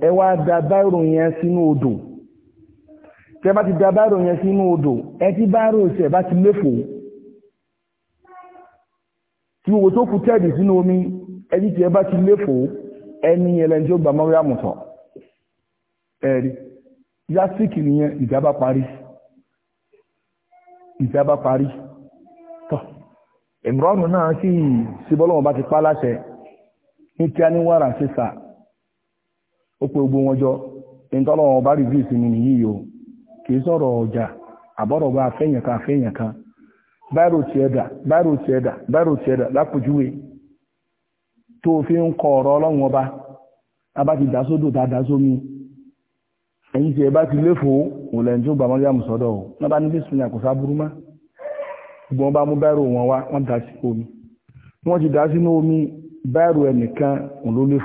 ẹ wá da báírò yẹn sínú odò tẹ́ bá ti da báírò yẹn sínú odò ẹ tí báírò ṣẹ̀ bá ti léfò tí owó tó kù tẹ́ẹ̀dì sínú omi ẹni tí ẹ bá ti léfò ẹni ẹlẹ́ni tí ó gbà mọ́rí àmùtọ̀ ẹ̀rí yásíkì nìyẹn ìjà bá parí ìjà bá parí tọ́ ìmọ̀ràn náà sì síbọ́lọ́wọ́n bá ti pa láṣẹ ní kí a ní wàrà ṣe sà ó pé gbogbo wọn jọ ìtọ́lọ́wọ́ bá rí bíi o kì í sọ̀rọ̀ ọjà àbọ̀rọ̀ bá afẹ́yàn kan afẹ́yàn kan báírò lápòjúwe fi ń kọ a bá ti dà sódò a tí ẹ bá ti lẹ́yìn tó o wọ́n bá ní sùn ní àkóso má bá mú ti sínú omi ẹnìkan òun ló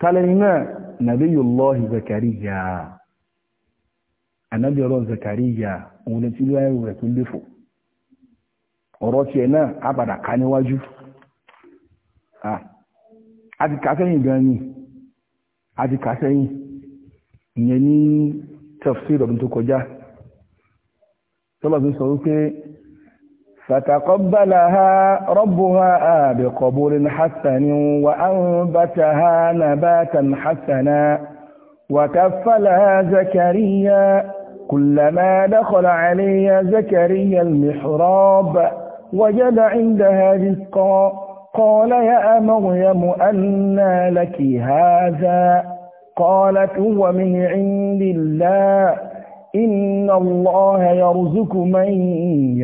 tálẹ́yìn nàbíyùlọ́hì zakariya ànábì ọlọ́ zakariya òun lè tí ló ẹrù rẹ̀ tó léfò ọ̀rọ̀ tiẹ̀ náà á padà ká níwájú a ti kà sẹ́yìn gan ni a ti kà sẹ́yìn ìyẹn ní فتقبلها ربها بقبول حسن وأنبتها نباتا حسنا وكفلها زكريا كلما دخل عليها زكريا المحراب وجد عندها رزقا قال يا مريم أنى لك هذا قالت هو من عند الله إن الله يرزق من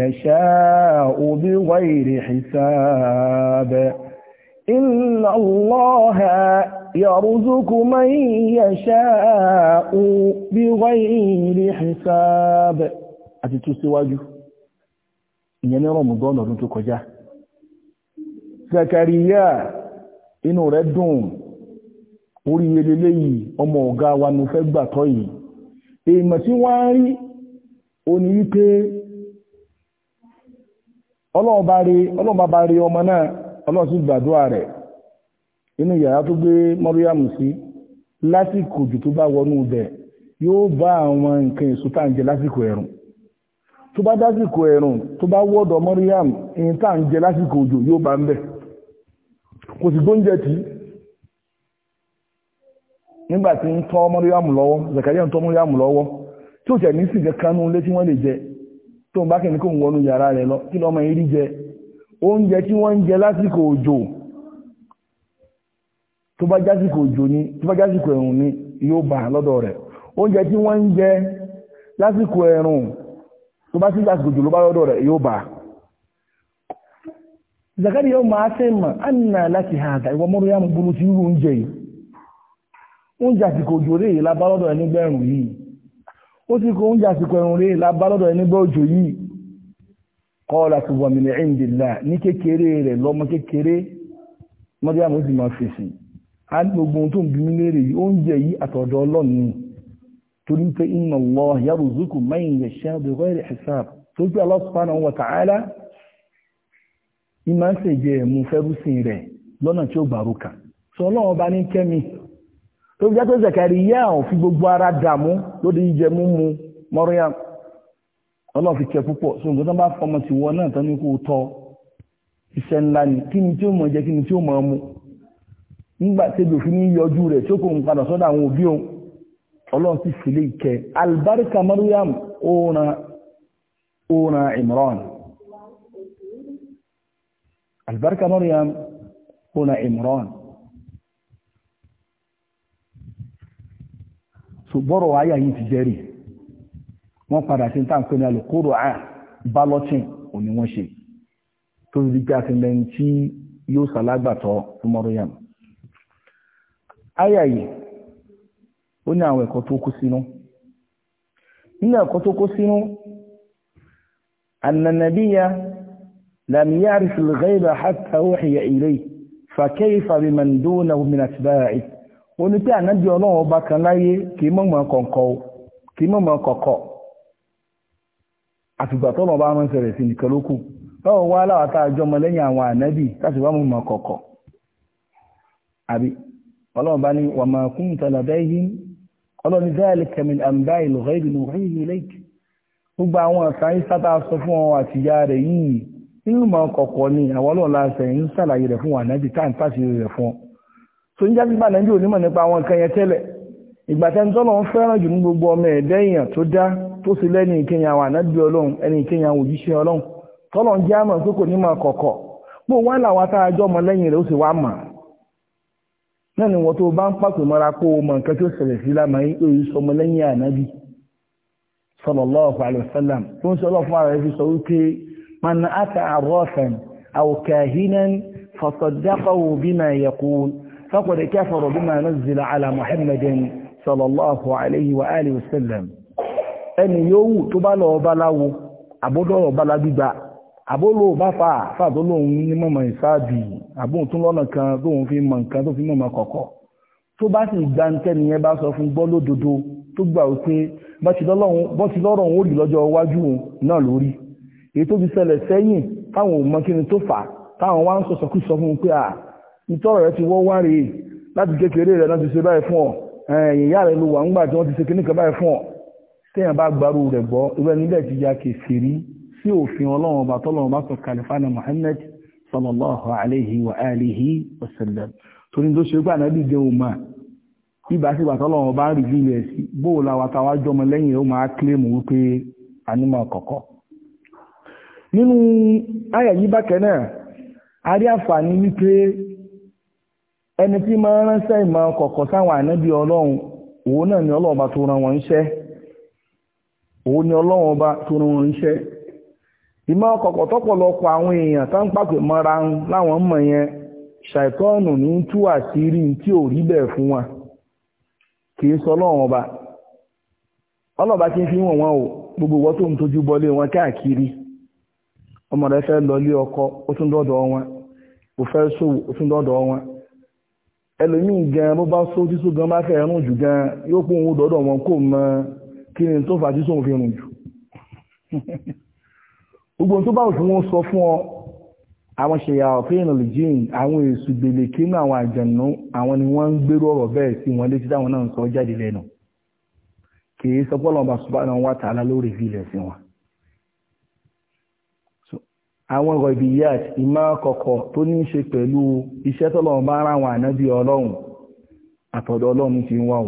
يشاء بغير حساب إن الله يرزق من يشاء بغير حساب àti tún síwájú ìyẹn ní Ramadan ọdún tó kọjá Zakariya inú rẹ̀ dùn orí eléyìí ọmọ ọ̀gá wa ní fẹ́ gbàtọ́ yìí èèmọ̀ tí wọ́n ń rí òní wípé bá rí ọmọ náà ọlọ́run sì gbàdúrà rẹ̀ inú yàrá tó gbé mọ́ríyàmù sí lásìkò jù tó bá wọnú bẹ̀ yóò bá àwọn nǹkan èso kò sì gbóúnjẹ nigbati tí ń tọ́ mọ́ríyàmù lọ́wọ́ Zakariya ń tọ́ mọ́ríyàmù lọ́wọ́ tí ó tẹ̀ ní tí wọ́n lè jẹ tó ń bá kẹ́ni kó ń wọnú yàrá rẹ̀ lọ kí lọ́mọ yìí rí jẹ oúnjẹ tí wọ́n ń jẹ lásìkò òjò tó bá jásìkò òjò ni tó bá jásìkò ẹ̀rùn ni yóò bà lọ́dọ̀ rẹ̀ oúnjẹ àsìkò òjò rèé lábálọ́dọ̀ ẹni gbẹ̀rùn yìí ó sì kó oúnjẹ àsìkò ẹ̀rùn rèé lábálọ́dọ̀ ẹni gbẹ̀ òjò yìí kọ́ọ̀lá ti wà min indillah ní kékeré rẹ̀ lọ́mọ kékeré mọ́díàmù ó sì máa fèsì á ní gbogbo ohun tó ń bí léèrè yìí oúnjẹ yìí àtọ̀dọ̀ ọlọ́run torí pé inna Allah yarzuqu man yasha bi ghairi hisab torí pé Allah subhanahu wa ta'ala ìmọ̀ ń rẹ̀ lọ́nà tí ó gbàrú kan sọ ọlọ́run ọba ní kẹ́mi tó jẹ́ pé Zakariya ò fi gbogbo ara dààmú lórí jíjẹ múmu Maryam ọlọ́run fi kẹ púpọ̀ so nǹkan tó bá fọmọ sí wọn náà tán ní kó tọ́ iṣẹ́ ńlá ni kí ni tí ó mọ̀ jẹ́ kí ni tí ó mọ̀ mu nígbà tẹ́bi òfin yọjú rẹ̀ tí ó kò ń padà sọ́dọ̀ àwọn òbí òun ọlọ́run ti fìlé ìkẹ́ albarka Maryam oran oran Imran albarka Maryam oran Imran ṣùgbọ́rọ̀ àyà yìí ti jẹ́rì wọ́n padà sí táǹkì ní alùkóró à balloting ò ní wọ́n ṣe tó rí bí àfihàn tí yóò ṣàlágbàtọ̀ fún mọ́ríyàm àyà yìí ó ní àwọn ẹ̀kọ́ tó kó sínú nínú ẹ̀kọ́ tó kó sínú annanabiya lam yarif al-ghayba hatta uhiya ilayhi fa kayfa biman dunahu min atba'ihi ó ní pé ànábì ọlọ́run ọba kan láyé kì í mọ̀mọ́ kọ̀ọ̀kọ̀ kì í mọ̀mọ́ kọ̀ọ̀kọ̀ àtìgbà tọ́lọ̀ bá rán sẹ̀rẹ̀ sí nìkan ló kù lọ́wọ́ wá láwàtà àjọ ọmọ lẹ́yìn àwọn ànábì láti wá mọ̀mọ́ kọ̀ọ̀kọ̀ àbí ọlọ́run bá ní wàmà kún tàlàbẹ́yìn ọlọ́ni dáàlì kẹmin àmbá ìlú rẹ̀bì ní orí ilé gbogbo àwọn àṣàyí sátá sọ fún ọ àti ìyá rẹ̀ yìí nínú mọ̀ kọ̀kọ̀ ni àwọn ọlọ́run láṣẹ ń ṣàlàyé rẹ̀ fún wànábì táǹtàṣì rẹ̀ fún ọ tó ń jágbígbà nàíjíríà onímọ̀ nípa àwọn nǹkan yẹn tẹ́lẹ̀ ìgbàtẹ́ntọ́lọ́ ń fẹ́ràn jù ní gbogbo ọmọ ẹ̀dẹ́ èèyàn tó dá tó sì lẹ́ni ìkẹyàn àwọn ànábì ọlọ́run ẹni ìkẹyàn àwọn òjíṣẹ́ ọlọ́run tọ́lọ̀ ń jẹ́ àmọ̀ tó kò nímọ̀ kọ̀kọ̀ bó wá làwọn tá a jọ ọmọ lẹ́yìn rẹ̀ ó sì wá mọ̀ náà ni wọ́n tó bá ń pàpè mọ́ra pé o mọ̀ nǹkan tó ṣẹlẹ̀ sí lámà yìí ó فقد كفر بما نزل على محمد صلى الله عليه وآله وسلم ẹni yóò tó bá lọ bá láwo àbódọ́rọ̀ bá lágbígba àbólò bá fa àfà tó lóun ní mọ̀mọ̀ ìsáàbì àbóhun tó lọ́nà kan tóun fi mọ̀ nǹkan tó fi mọ̀mọ̀ kọ̀kọ̀ tó bá sì gba ntẹ́ni yẹn bá sọ fún gbọ́ lódodo tó gbà ó pé bọ́ ti lọ́rọ̀ òun ó rí lọ́jọ́ iwájú náà lórí èyí tó fi ṣẹlẹ̀ sẹ́yìn táwọn ò mọ kí ni tó fà táwọn wá ń sọ̀sọ̀kú sọ fún un pé ìtọ́rọ̀ rẹ̀ ti wọ́ wá kekere láti kékeré rẹ̀ ti ṣe báyìí fún ọ ìyá rẹ̀ ló wà tí wọ́n ti ṣe kíní báyìí fún ọ téèyàn bá gbarú rẹ̀ gbọ́ irú ẹni ti ya kèfèrí sí òfin ọlọ́run ọba tọ́lọ́run bá sọ kàlífàánà Muhammad sallallahu alayhi wa alihi wa sallam torí tó ṣe gbà náà dìde òmà ibà sí ń ẹni tí máa ránṣẹ́ ìmọ̀ kọ̀kọ̀ sáwọn ànábì ọlọ́run òun náà ni ọlọ́run ọba tó rán wọn iṣẹ́ òun ni ọlọ́run ọba tó rán wọn iṣẹ́ ìmọ̀ kọ̀kọ̀ tọ́pọ̀lọpọ̀ àwọn èèyàn tá ń pàpè mọ́ra ń láwọn mọ̀ yẹn ṣàìtọ́ọ̀nù ní tú àṣírí tí ò rí bẹ́ẹ̀ fún wa kì í sọ ọlọ́run ọba ọlọ́run ọba fi wọ̀n o gbogbo ìwọ tó ń tójú káàkiri ọmọ rẹ ọkọ ó tún dọ́dọ̀ wọn sòwò ẹlòmíì gan bó bá só tí só gan bá fẹ́ rùn jù gan yóò pọ̀ òun dọ́dọ̀ wọn kò mọ kí ni tó fà tí sóun fi rùn jù gbogbo tó bá òfin wọn sọ fún ọ àwọn ṣèyà ọ̀fẹ́ ìrìnlẹ̀ jíìn àwọn èsù gbèlè kínú àwọn àjànú àwọn ni wọ́n ń gbérú ọ̀rọ̀ bẹ́ẹ̀ sí wọn létí táwọn náà ń sọ jáde lẹ́nu kì í sọ pé ọlọ́mọba subhanahu wa ta'ala ló rèé fi ilẹ̀ sí wọn àwọn gọ̀bìyàt ìmá kọ̀kọ̀ tó ní ṣe pẹ̀lú iṣẹ́ tọ́lọ́run bá ráwọn ànábì ọlọ́run àtọ̀dọ̀ ọlọ́run ti ń wà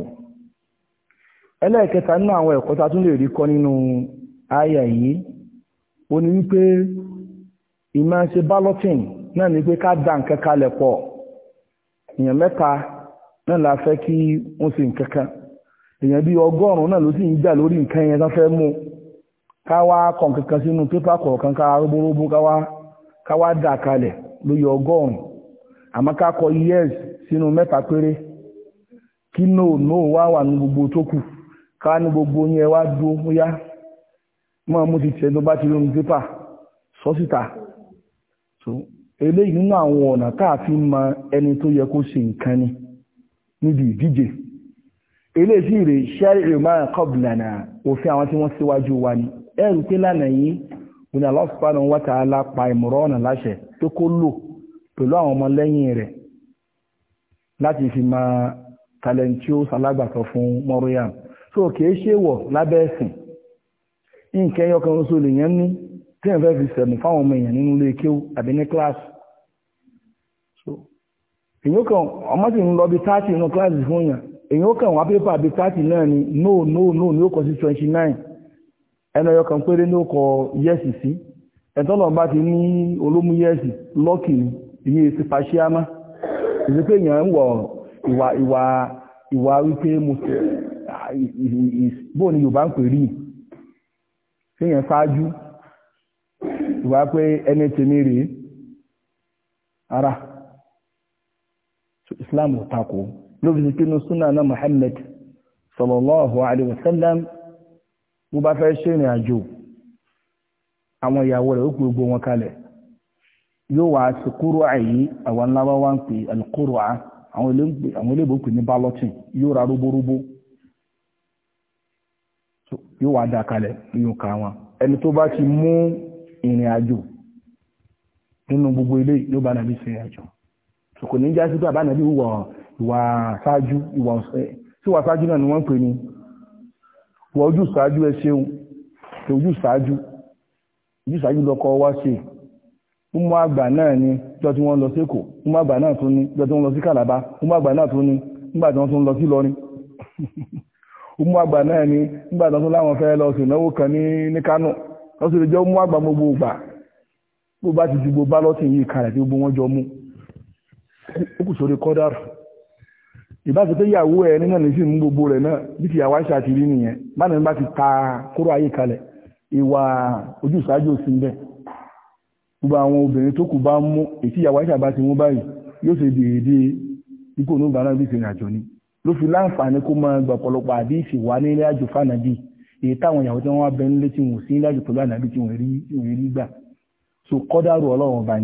ẹlẹ́ẹ̀kẹta nínú àwọn ẹ̀kọ́ ta tún lè rí kọ́ nínú àyà yìí ó ní wípé ìmá ṣe balloting náà ni pé ká nǹkan kalẹ̀ pọ̀ èèyàn mẹ́ta la fẹ́ kí wọ́n kan èèyàn bíi ọgọ́rùn-ún náà ló sì ń lórí nǹkan káwá kọ̀ kankan sínú pépà kọ̀ọ̀kan káwá rúbúrúbú káwá dà kalẹ̀ lóye ọgọ́rùn-ún àmọ́ ká kọ years sínú mẹ́ta péré kí no no wá wà ní gbogbo tó kù ká ní gbogbo yẹn wá dúró múyá mọ́ ti tẹ̀ tó bá ti lónú pépà sọ síta eléyìí nínú ọ̀nà mọ ẹni tó yẹ kó ṣe nǹkan ni níbi ìdíje eléyìí sì òfin àwọn tí wa ni ẹ̀rù pé lánàá yìí ìrìn Allah láṣẹ kó lò pẹ̀lú àwọn ọmọ lẹ́yìn rẹ̀ láti fi ma tàlẹ́ntì ó fun fún Maryam so kìí ṣe wọ̀ lábẹ́ ẹ̀sìn nǹkan ẹyọ kan lèèyàn ní tí fẹ́ fi sẹ̀mù fáwọn nínú ilé àbí ní kíláàsì kan ọmọ sì ń lọ bí táàtì kíláàsì fún yàn kan pépà no no no ni ó ẹnayọ kan péré ní ó kọ yẹ́sì sí ẹ̀tọ́nà bá ti ní olómú yẹ́sì lọ́kì ní èsì fàṣíámá iwa pé èèyàn ń wọ ìwà ìwà ìwà wípé bóò ni Yorùbá ń ara Islam ò takò lóbi sí kínú súnà náà Muhammad sallallahu alaihi bó bá fẹ́ ṣèrìn àjò àwọn ìyàwó rẹ̀ ó pè gbogbo wọn kalẹ̀ yóò wá sí kúrò àyí àwọn ńlá wá ń pè alukúrò à àwọn olóògbé pè ní ballotin yóò ra yóò wá dá kalẹ̀ yóò ka wọn ẹni tó bá ti mú ìrìn àjò nínú gbogbo ilé yóò bá nàbí ṣe àjò kò ní jásí pé ìwà ṣáájú ìwà ṣáájú náà ni wọ́n pè ní wọ ojú ṣáájú ẹ ṣeun tó ojú ṣáájú ojú ṣáájú lọkọ wá ṣe mú àgbà náà ni jọ tí wọ́n lọ sí Èkó mú àgbà náà tún ni jọ tí wọ́n lọ sí Kàlàbá mú àgbà náà tún ni nígbà tí wọ́n tún lọ sí Ìlọrin mú àgbà náà ni nígbà tí wọ́n tún láwọn fẹ́ lọ sí ìnáwó kan ní ní Kánò wọ́n sì lè jọ mú àgbà gbogbo ìgbà bó bá ti ju gbogbo bá lọ́sìn yìí kalẹ̀ tí gbogbo wọn jọ mú ó kù sórí kọ́dà rẹ̀ ìbáṣe tó yàwó ẹ nínú ní sí mú gbogbo rẹ̀ náà bí ti yàwó àṣà àtìrí nìyẹn bá nínú bá ti ta kóró ayé kalẹ̀ ìwà ojúṣàájú òsì ń bẹ gbogbo àwọn obìnrin tó kù bá mú ètí yàwó àṣà bá ti mú báyìí yóò ṣe dèédé ikú onúgbà náà bí ìṣẹ̀lẹ̀ àjọ ni ló fi láǹfààní kó máa gba ọ̀pọ̀lọpọ̀ àdéhìsì wá ní ilé àjò fànàbí èyí táwọn ìyàwó tí wọ́n wá bẹ so kọ́dárò ọlọ́run ọba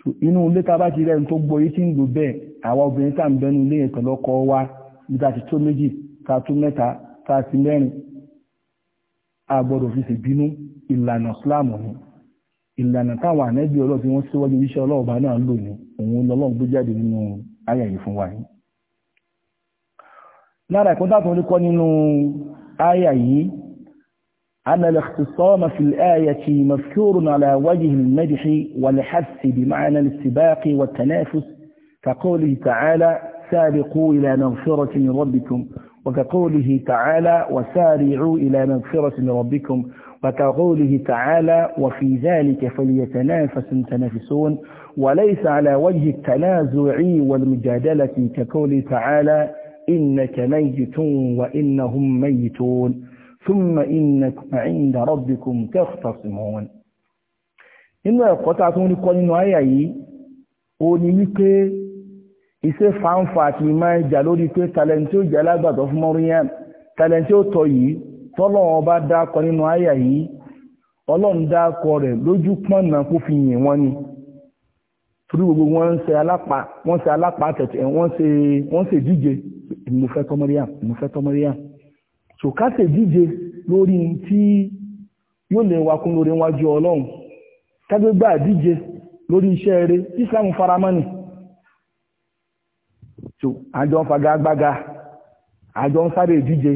so inú ilé tá ń lò àwọn obìnrin tá à ń bẹnu ilé yẹn pẹ̀lú ọkọ wa níbi tá a ti tó méjì tá a tó mẹ́ta tá a ti mẹ́rin a gbọ́dọ̀ fi ṣèbínú ìlànà Islam ni ìlànà táwọn ànẹ́bí ọlọ́ọ̀ tí wọ́n síwájú iṣẹ́ ọlọ́ọ̀bá náà lò ní òun lọ́lọ́ọ̀ gbé jáde nínú ayà yìí fún wa yìí lára ìkọ́ dátún rí kọ́ nínú ayà yìí anàlẹ̀kìtìsọ́mà fìlẹ́yàtì mafkúrùn aláwájì mẹ́dìí wàlẹ̀hásì bí máa كقوله تعالى سابقوا إلى مغفرة من ربكم وكقوله تعالى وسارعوا إلى مغفرة من ربكم وكقوله تعالى وفي ذلك فليتنافس المتنافسون وليس على وجه التنازع والمجادلة كقوله تعالى إنك ميت وإنهم ميتون ثم إنكم عند ربكم تختصمون إنه قطعتون إيه؟ قولين وآيائي ó ní iṣẹ́ fanfa àti ìmọ̀ ìjà lórí pé tàlẹ́ntì ó jẹ́ alágbàtọ́ fún Maryam tàlẹ́ntì ó tọ̀ yìí tọ́lọ́run ọba dákọ nínú àyà yìí ọlọ́run dákọ rẹ̀ lójú pọ́nà kó fi yìn wọ́n ni torí gbogbo wọn ń ṣe alápá wọn ṣe alápá tẹ̀tẹ̀ wọn ṣe wọn ṣe díje mo fẹ́ tọ́ Maryam mo fẹ́ tọ́ Maryam ṣòká ṣe díje lórí tí yóò lè wakún lórí wájú ọlọ́run kágbégbá díje lórí iṣẹ́ eré Islam faramani. so àjọ ń fagagbága àjọ ń sáré ìdíje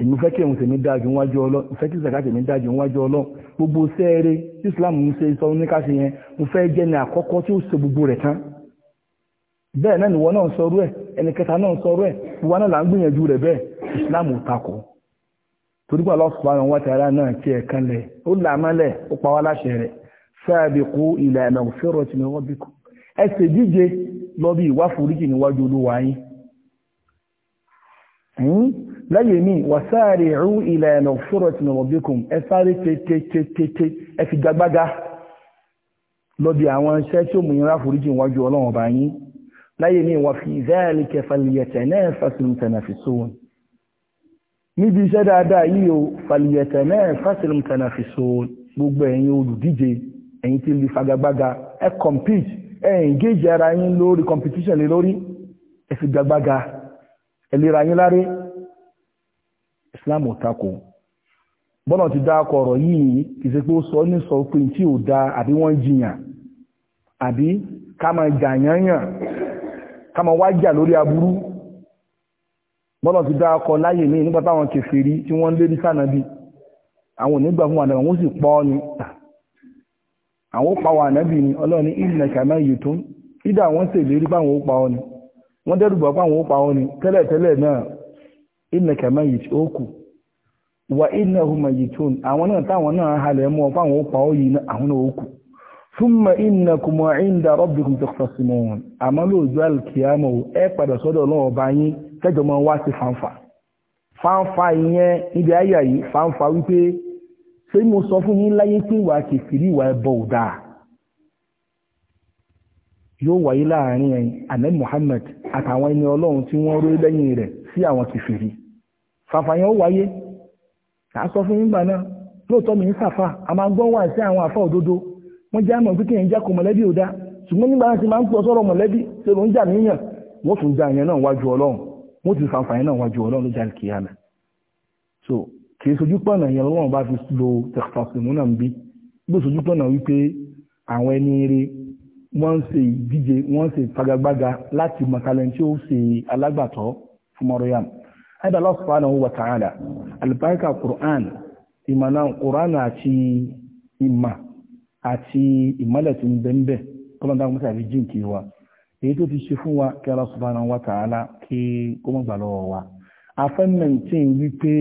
èmi fẹ́ kí èmi dájú níwájú ọlọ́run gbogbo sẹ́ẹ̀rẹ́ islam ń ṣe sọ oníkàṣe yẹn mo fẹ́ jẹ́ ní àkọ́kọ́ tí ó ṣe gbogbo rẹ̀ tán bẹ́ẹ̀ náà nìwọ náà sọrú ẹ̀ ẹnìkẹta náà sọrú ẹ̀ gbogbo náà là ń gbìyànjú rẹ̀ bẹ́ẹ̀ islam ò takò torí náà ẹ̀ kan lẹ̀ ó ila ẹsẹ̀ díje lọ bí ìwá foríjì níwájú olúwa yín hmm? lẹ́yìn ní wàsáàrí ìrú ilẹ̀ ẹ̀nà fúrọ̀ tí nà wọ̀bíkùn ẹ sáré tètè ẹ fi gagbága lọ bí àwọn iṣẹ́ tí ó mú yín rá foríjì níwájú ọlọ́run ọba yín lẹ́yìn ní wàfi ìzẹ́ẹ̀lì kẹfàlìyẹ̀tẹ̀ náà fásitì tẹ̀nàfìsóhun níbi iṣẹ́ dáadáa yìí o fàlìyẹ̀tẹ̀ náà fásitì tẹ̀nàfìsóhun gbogbo ẹ̀yin olùdíje ẹ̀yin tí lè fagagbága ẹ compete engage ara yín lórí competition lé lórí ẹ fi larịị ẹlẹ́ra yín láré islam ò takò bọ́nà ti dá akọ ọ̀rọ̀ yìí kì í ṣe pé ó sọ ní sọ pé tí ò da àbí wọ́n jiyàn àbí ká máa jàyànyàn ká máa wájà lórí aburú bọ́nà ti dá akọ láyè ní nígbà táwọn kèfèrí tí wọ́n lé ní sànàbí àwọn onígbà àwọn pàwọ̀ ànábì ni ọlọ́ni ilẹ̀ kàmá yìí tó ìdá àwọn sì lérí báwọn ó pa ọ ni wọ́n dẹ́rùbọ̀ báwọn ó pa ni tẹ́lẹ̀tẹ́lẹ̀ náà ilẹ̀ yìí ó kù wà ilẹ̀ yìí tó àwọn náà táwọn náà halẹ̀ ọ yìí àwọn náà ó kù rọ́bìkùn ṣé mo sọ fún yín láyé pé ìwà kìfìrí ìwà ẹbọ ò dáa yóò wáyé láàrin ahmed muhammed àtàwọn ẹni ọlọ́run tí wọ́n rú lẹ́yìn rẹ̀ sí àwọn kìfìrí fàfàyàn ó wáyé kà á sọ fún yín gbà náà lóòótọ́ mi ń a máa gbọ́n wà sí àwọn àfà òdodo wọ́n já pé kí mọ̀lẹ́bí ò ṣùgbọ́n nígbà tí máa ń pọ̀ sọ́rọ̀ mọ̀lẹ́bí ṣe kìí sojú pọ̀nà yẹn lọ́wọ́n bá fi lo tẹ̀fàṣìmúnà ń bí bó sojú pọ̀nà wípé àwọn ẹni eré wọ́n ń ṣe ìdíje wọ́n ń ṣe fagagbága láti mọ̀kálẹ̀ tí ó ṣe alágbàtọ́ fún Maryam ẹ̀dá Allah subhanahu wa ta'ala àlùbáríkà Qur'an ìmọ̀nà Qur'an àti ìmọ̀ àti ìmọ̀lẹ̀ tó ń bẹ́ bẹ́ kọ́mọ̀ dáhùn mọ́tà àbí jíǹkì wa èyí tó ti ṣe fún wa kí Allah subhanahu wa ta'ala kí kó mọ̀ gbà wa afẹ́ mẹ́ntìn wípé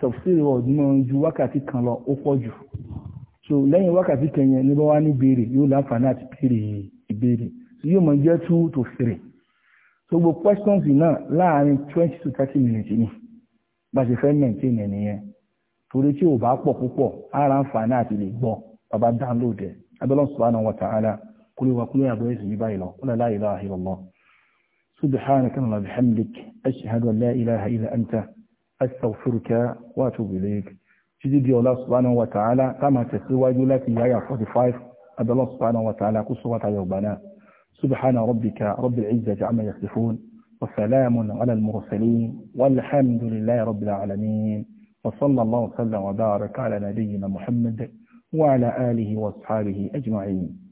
tafsiri ọdún náà ju wákàtí kan lọ ó pọ̀ so lẹ́yìn wákàtí kan yẹn ní wá ní béèrè yóò láǹfààní àti béèrè ìbéèrè so yóò máa jẹ́ two to three so gbogbo questions náà láàárín twenty to thirty minutes ni bá a ṣe fẹ́ maintain ẹ̀ nìyẹn torí tí ò bá pọ̀ púpọ̀ ara ń fà náà ti lè gbọ́ bàbá download ẹ̀ abẹ́lọ́ subhanahu kúlẹ̀ kúlẹ̀ yìí báyìí lọ ó wa ilaha astaghfiruka wa atubu ilayk títí di Allah subhanahu wa ta'ala tá máa tẹ̀síwájú láti yáyà 45 abẹ́lọ́ subhanahu wa ta'ala kó sọ́wọ́ta yorùbá náà subhana rabbika rabbil izzati amma yasifun وسلام على المرسلين والحمد لله رب العالمين وصلى الله وسلم وبارك على نبينا محمد وعلى آله وأصحابه أجمعين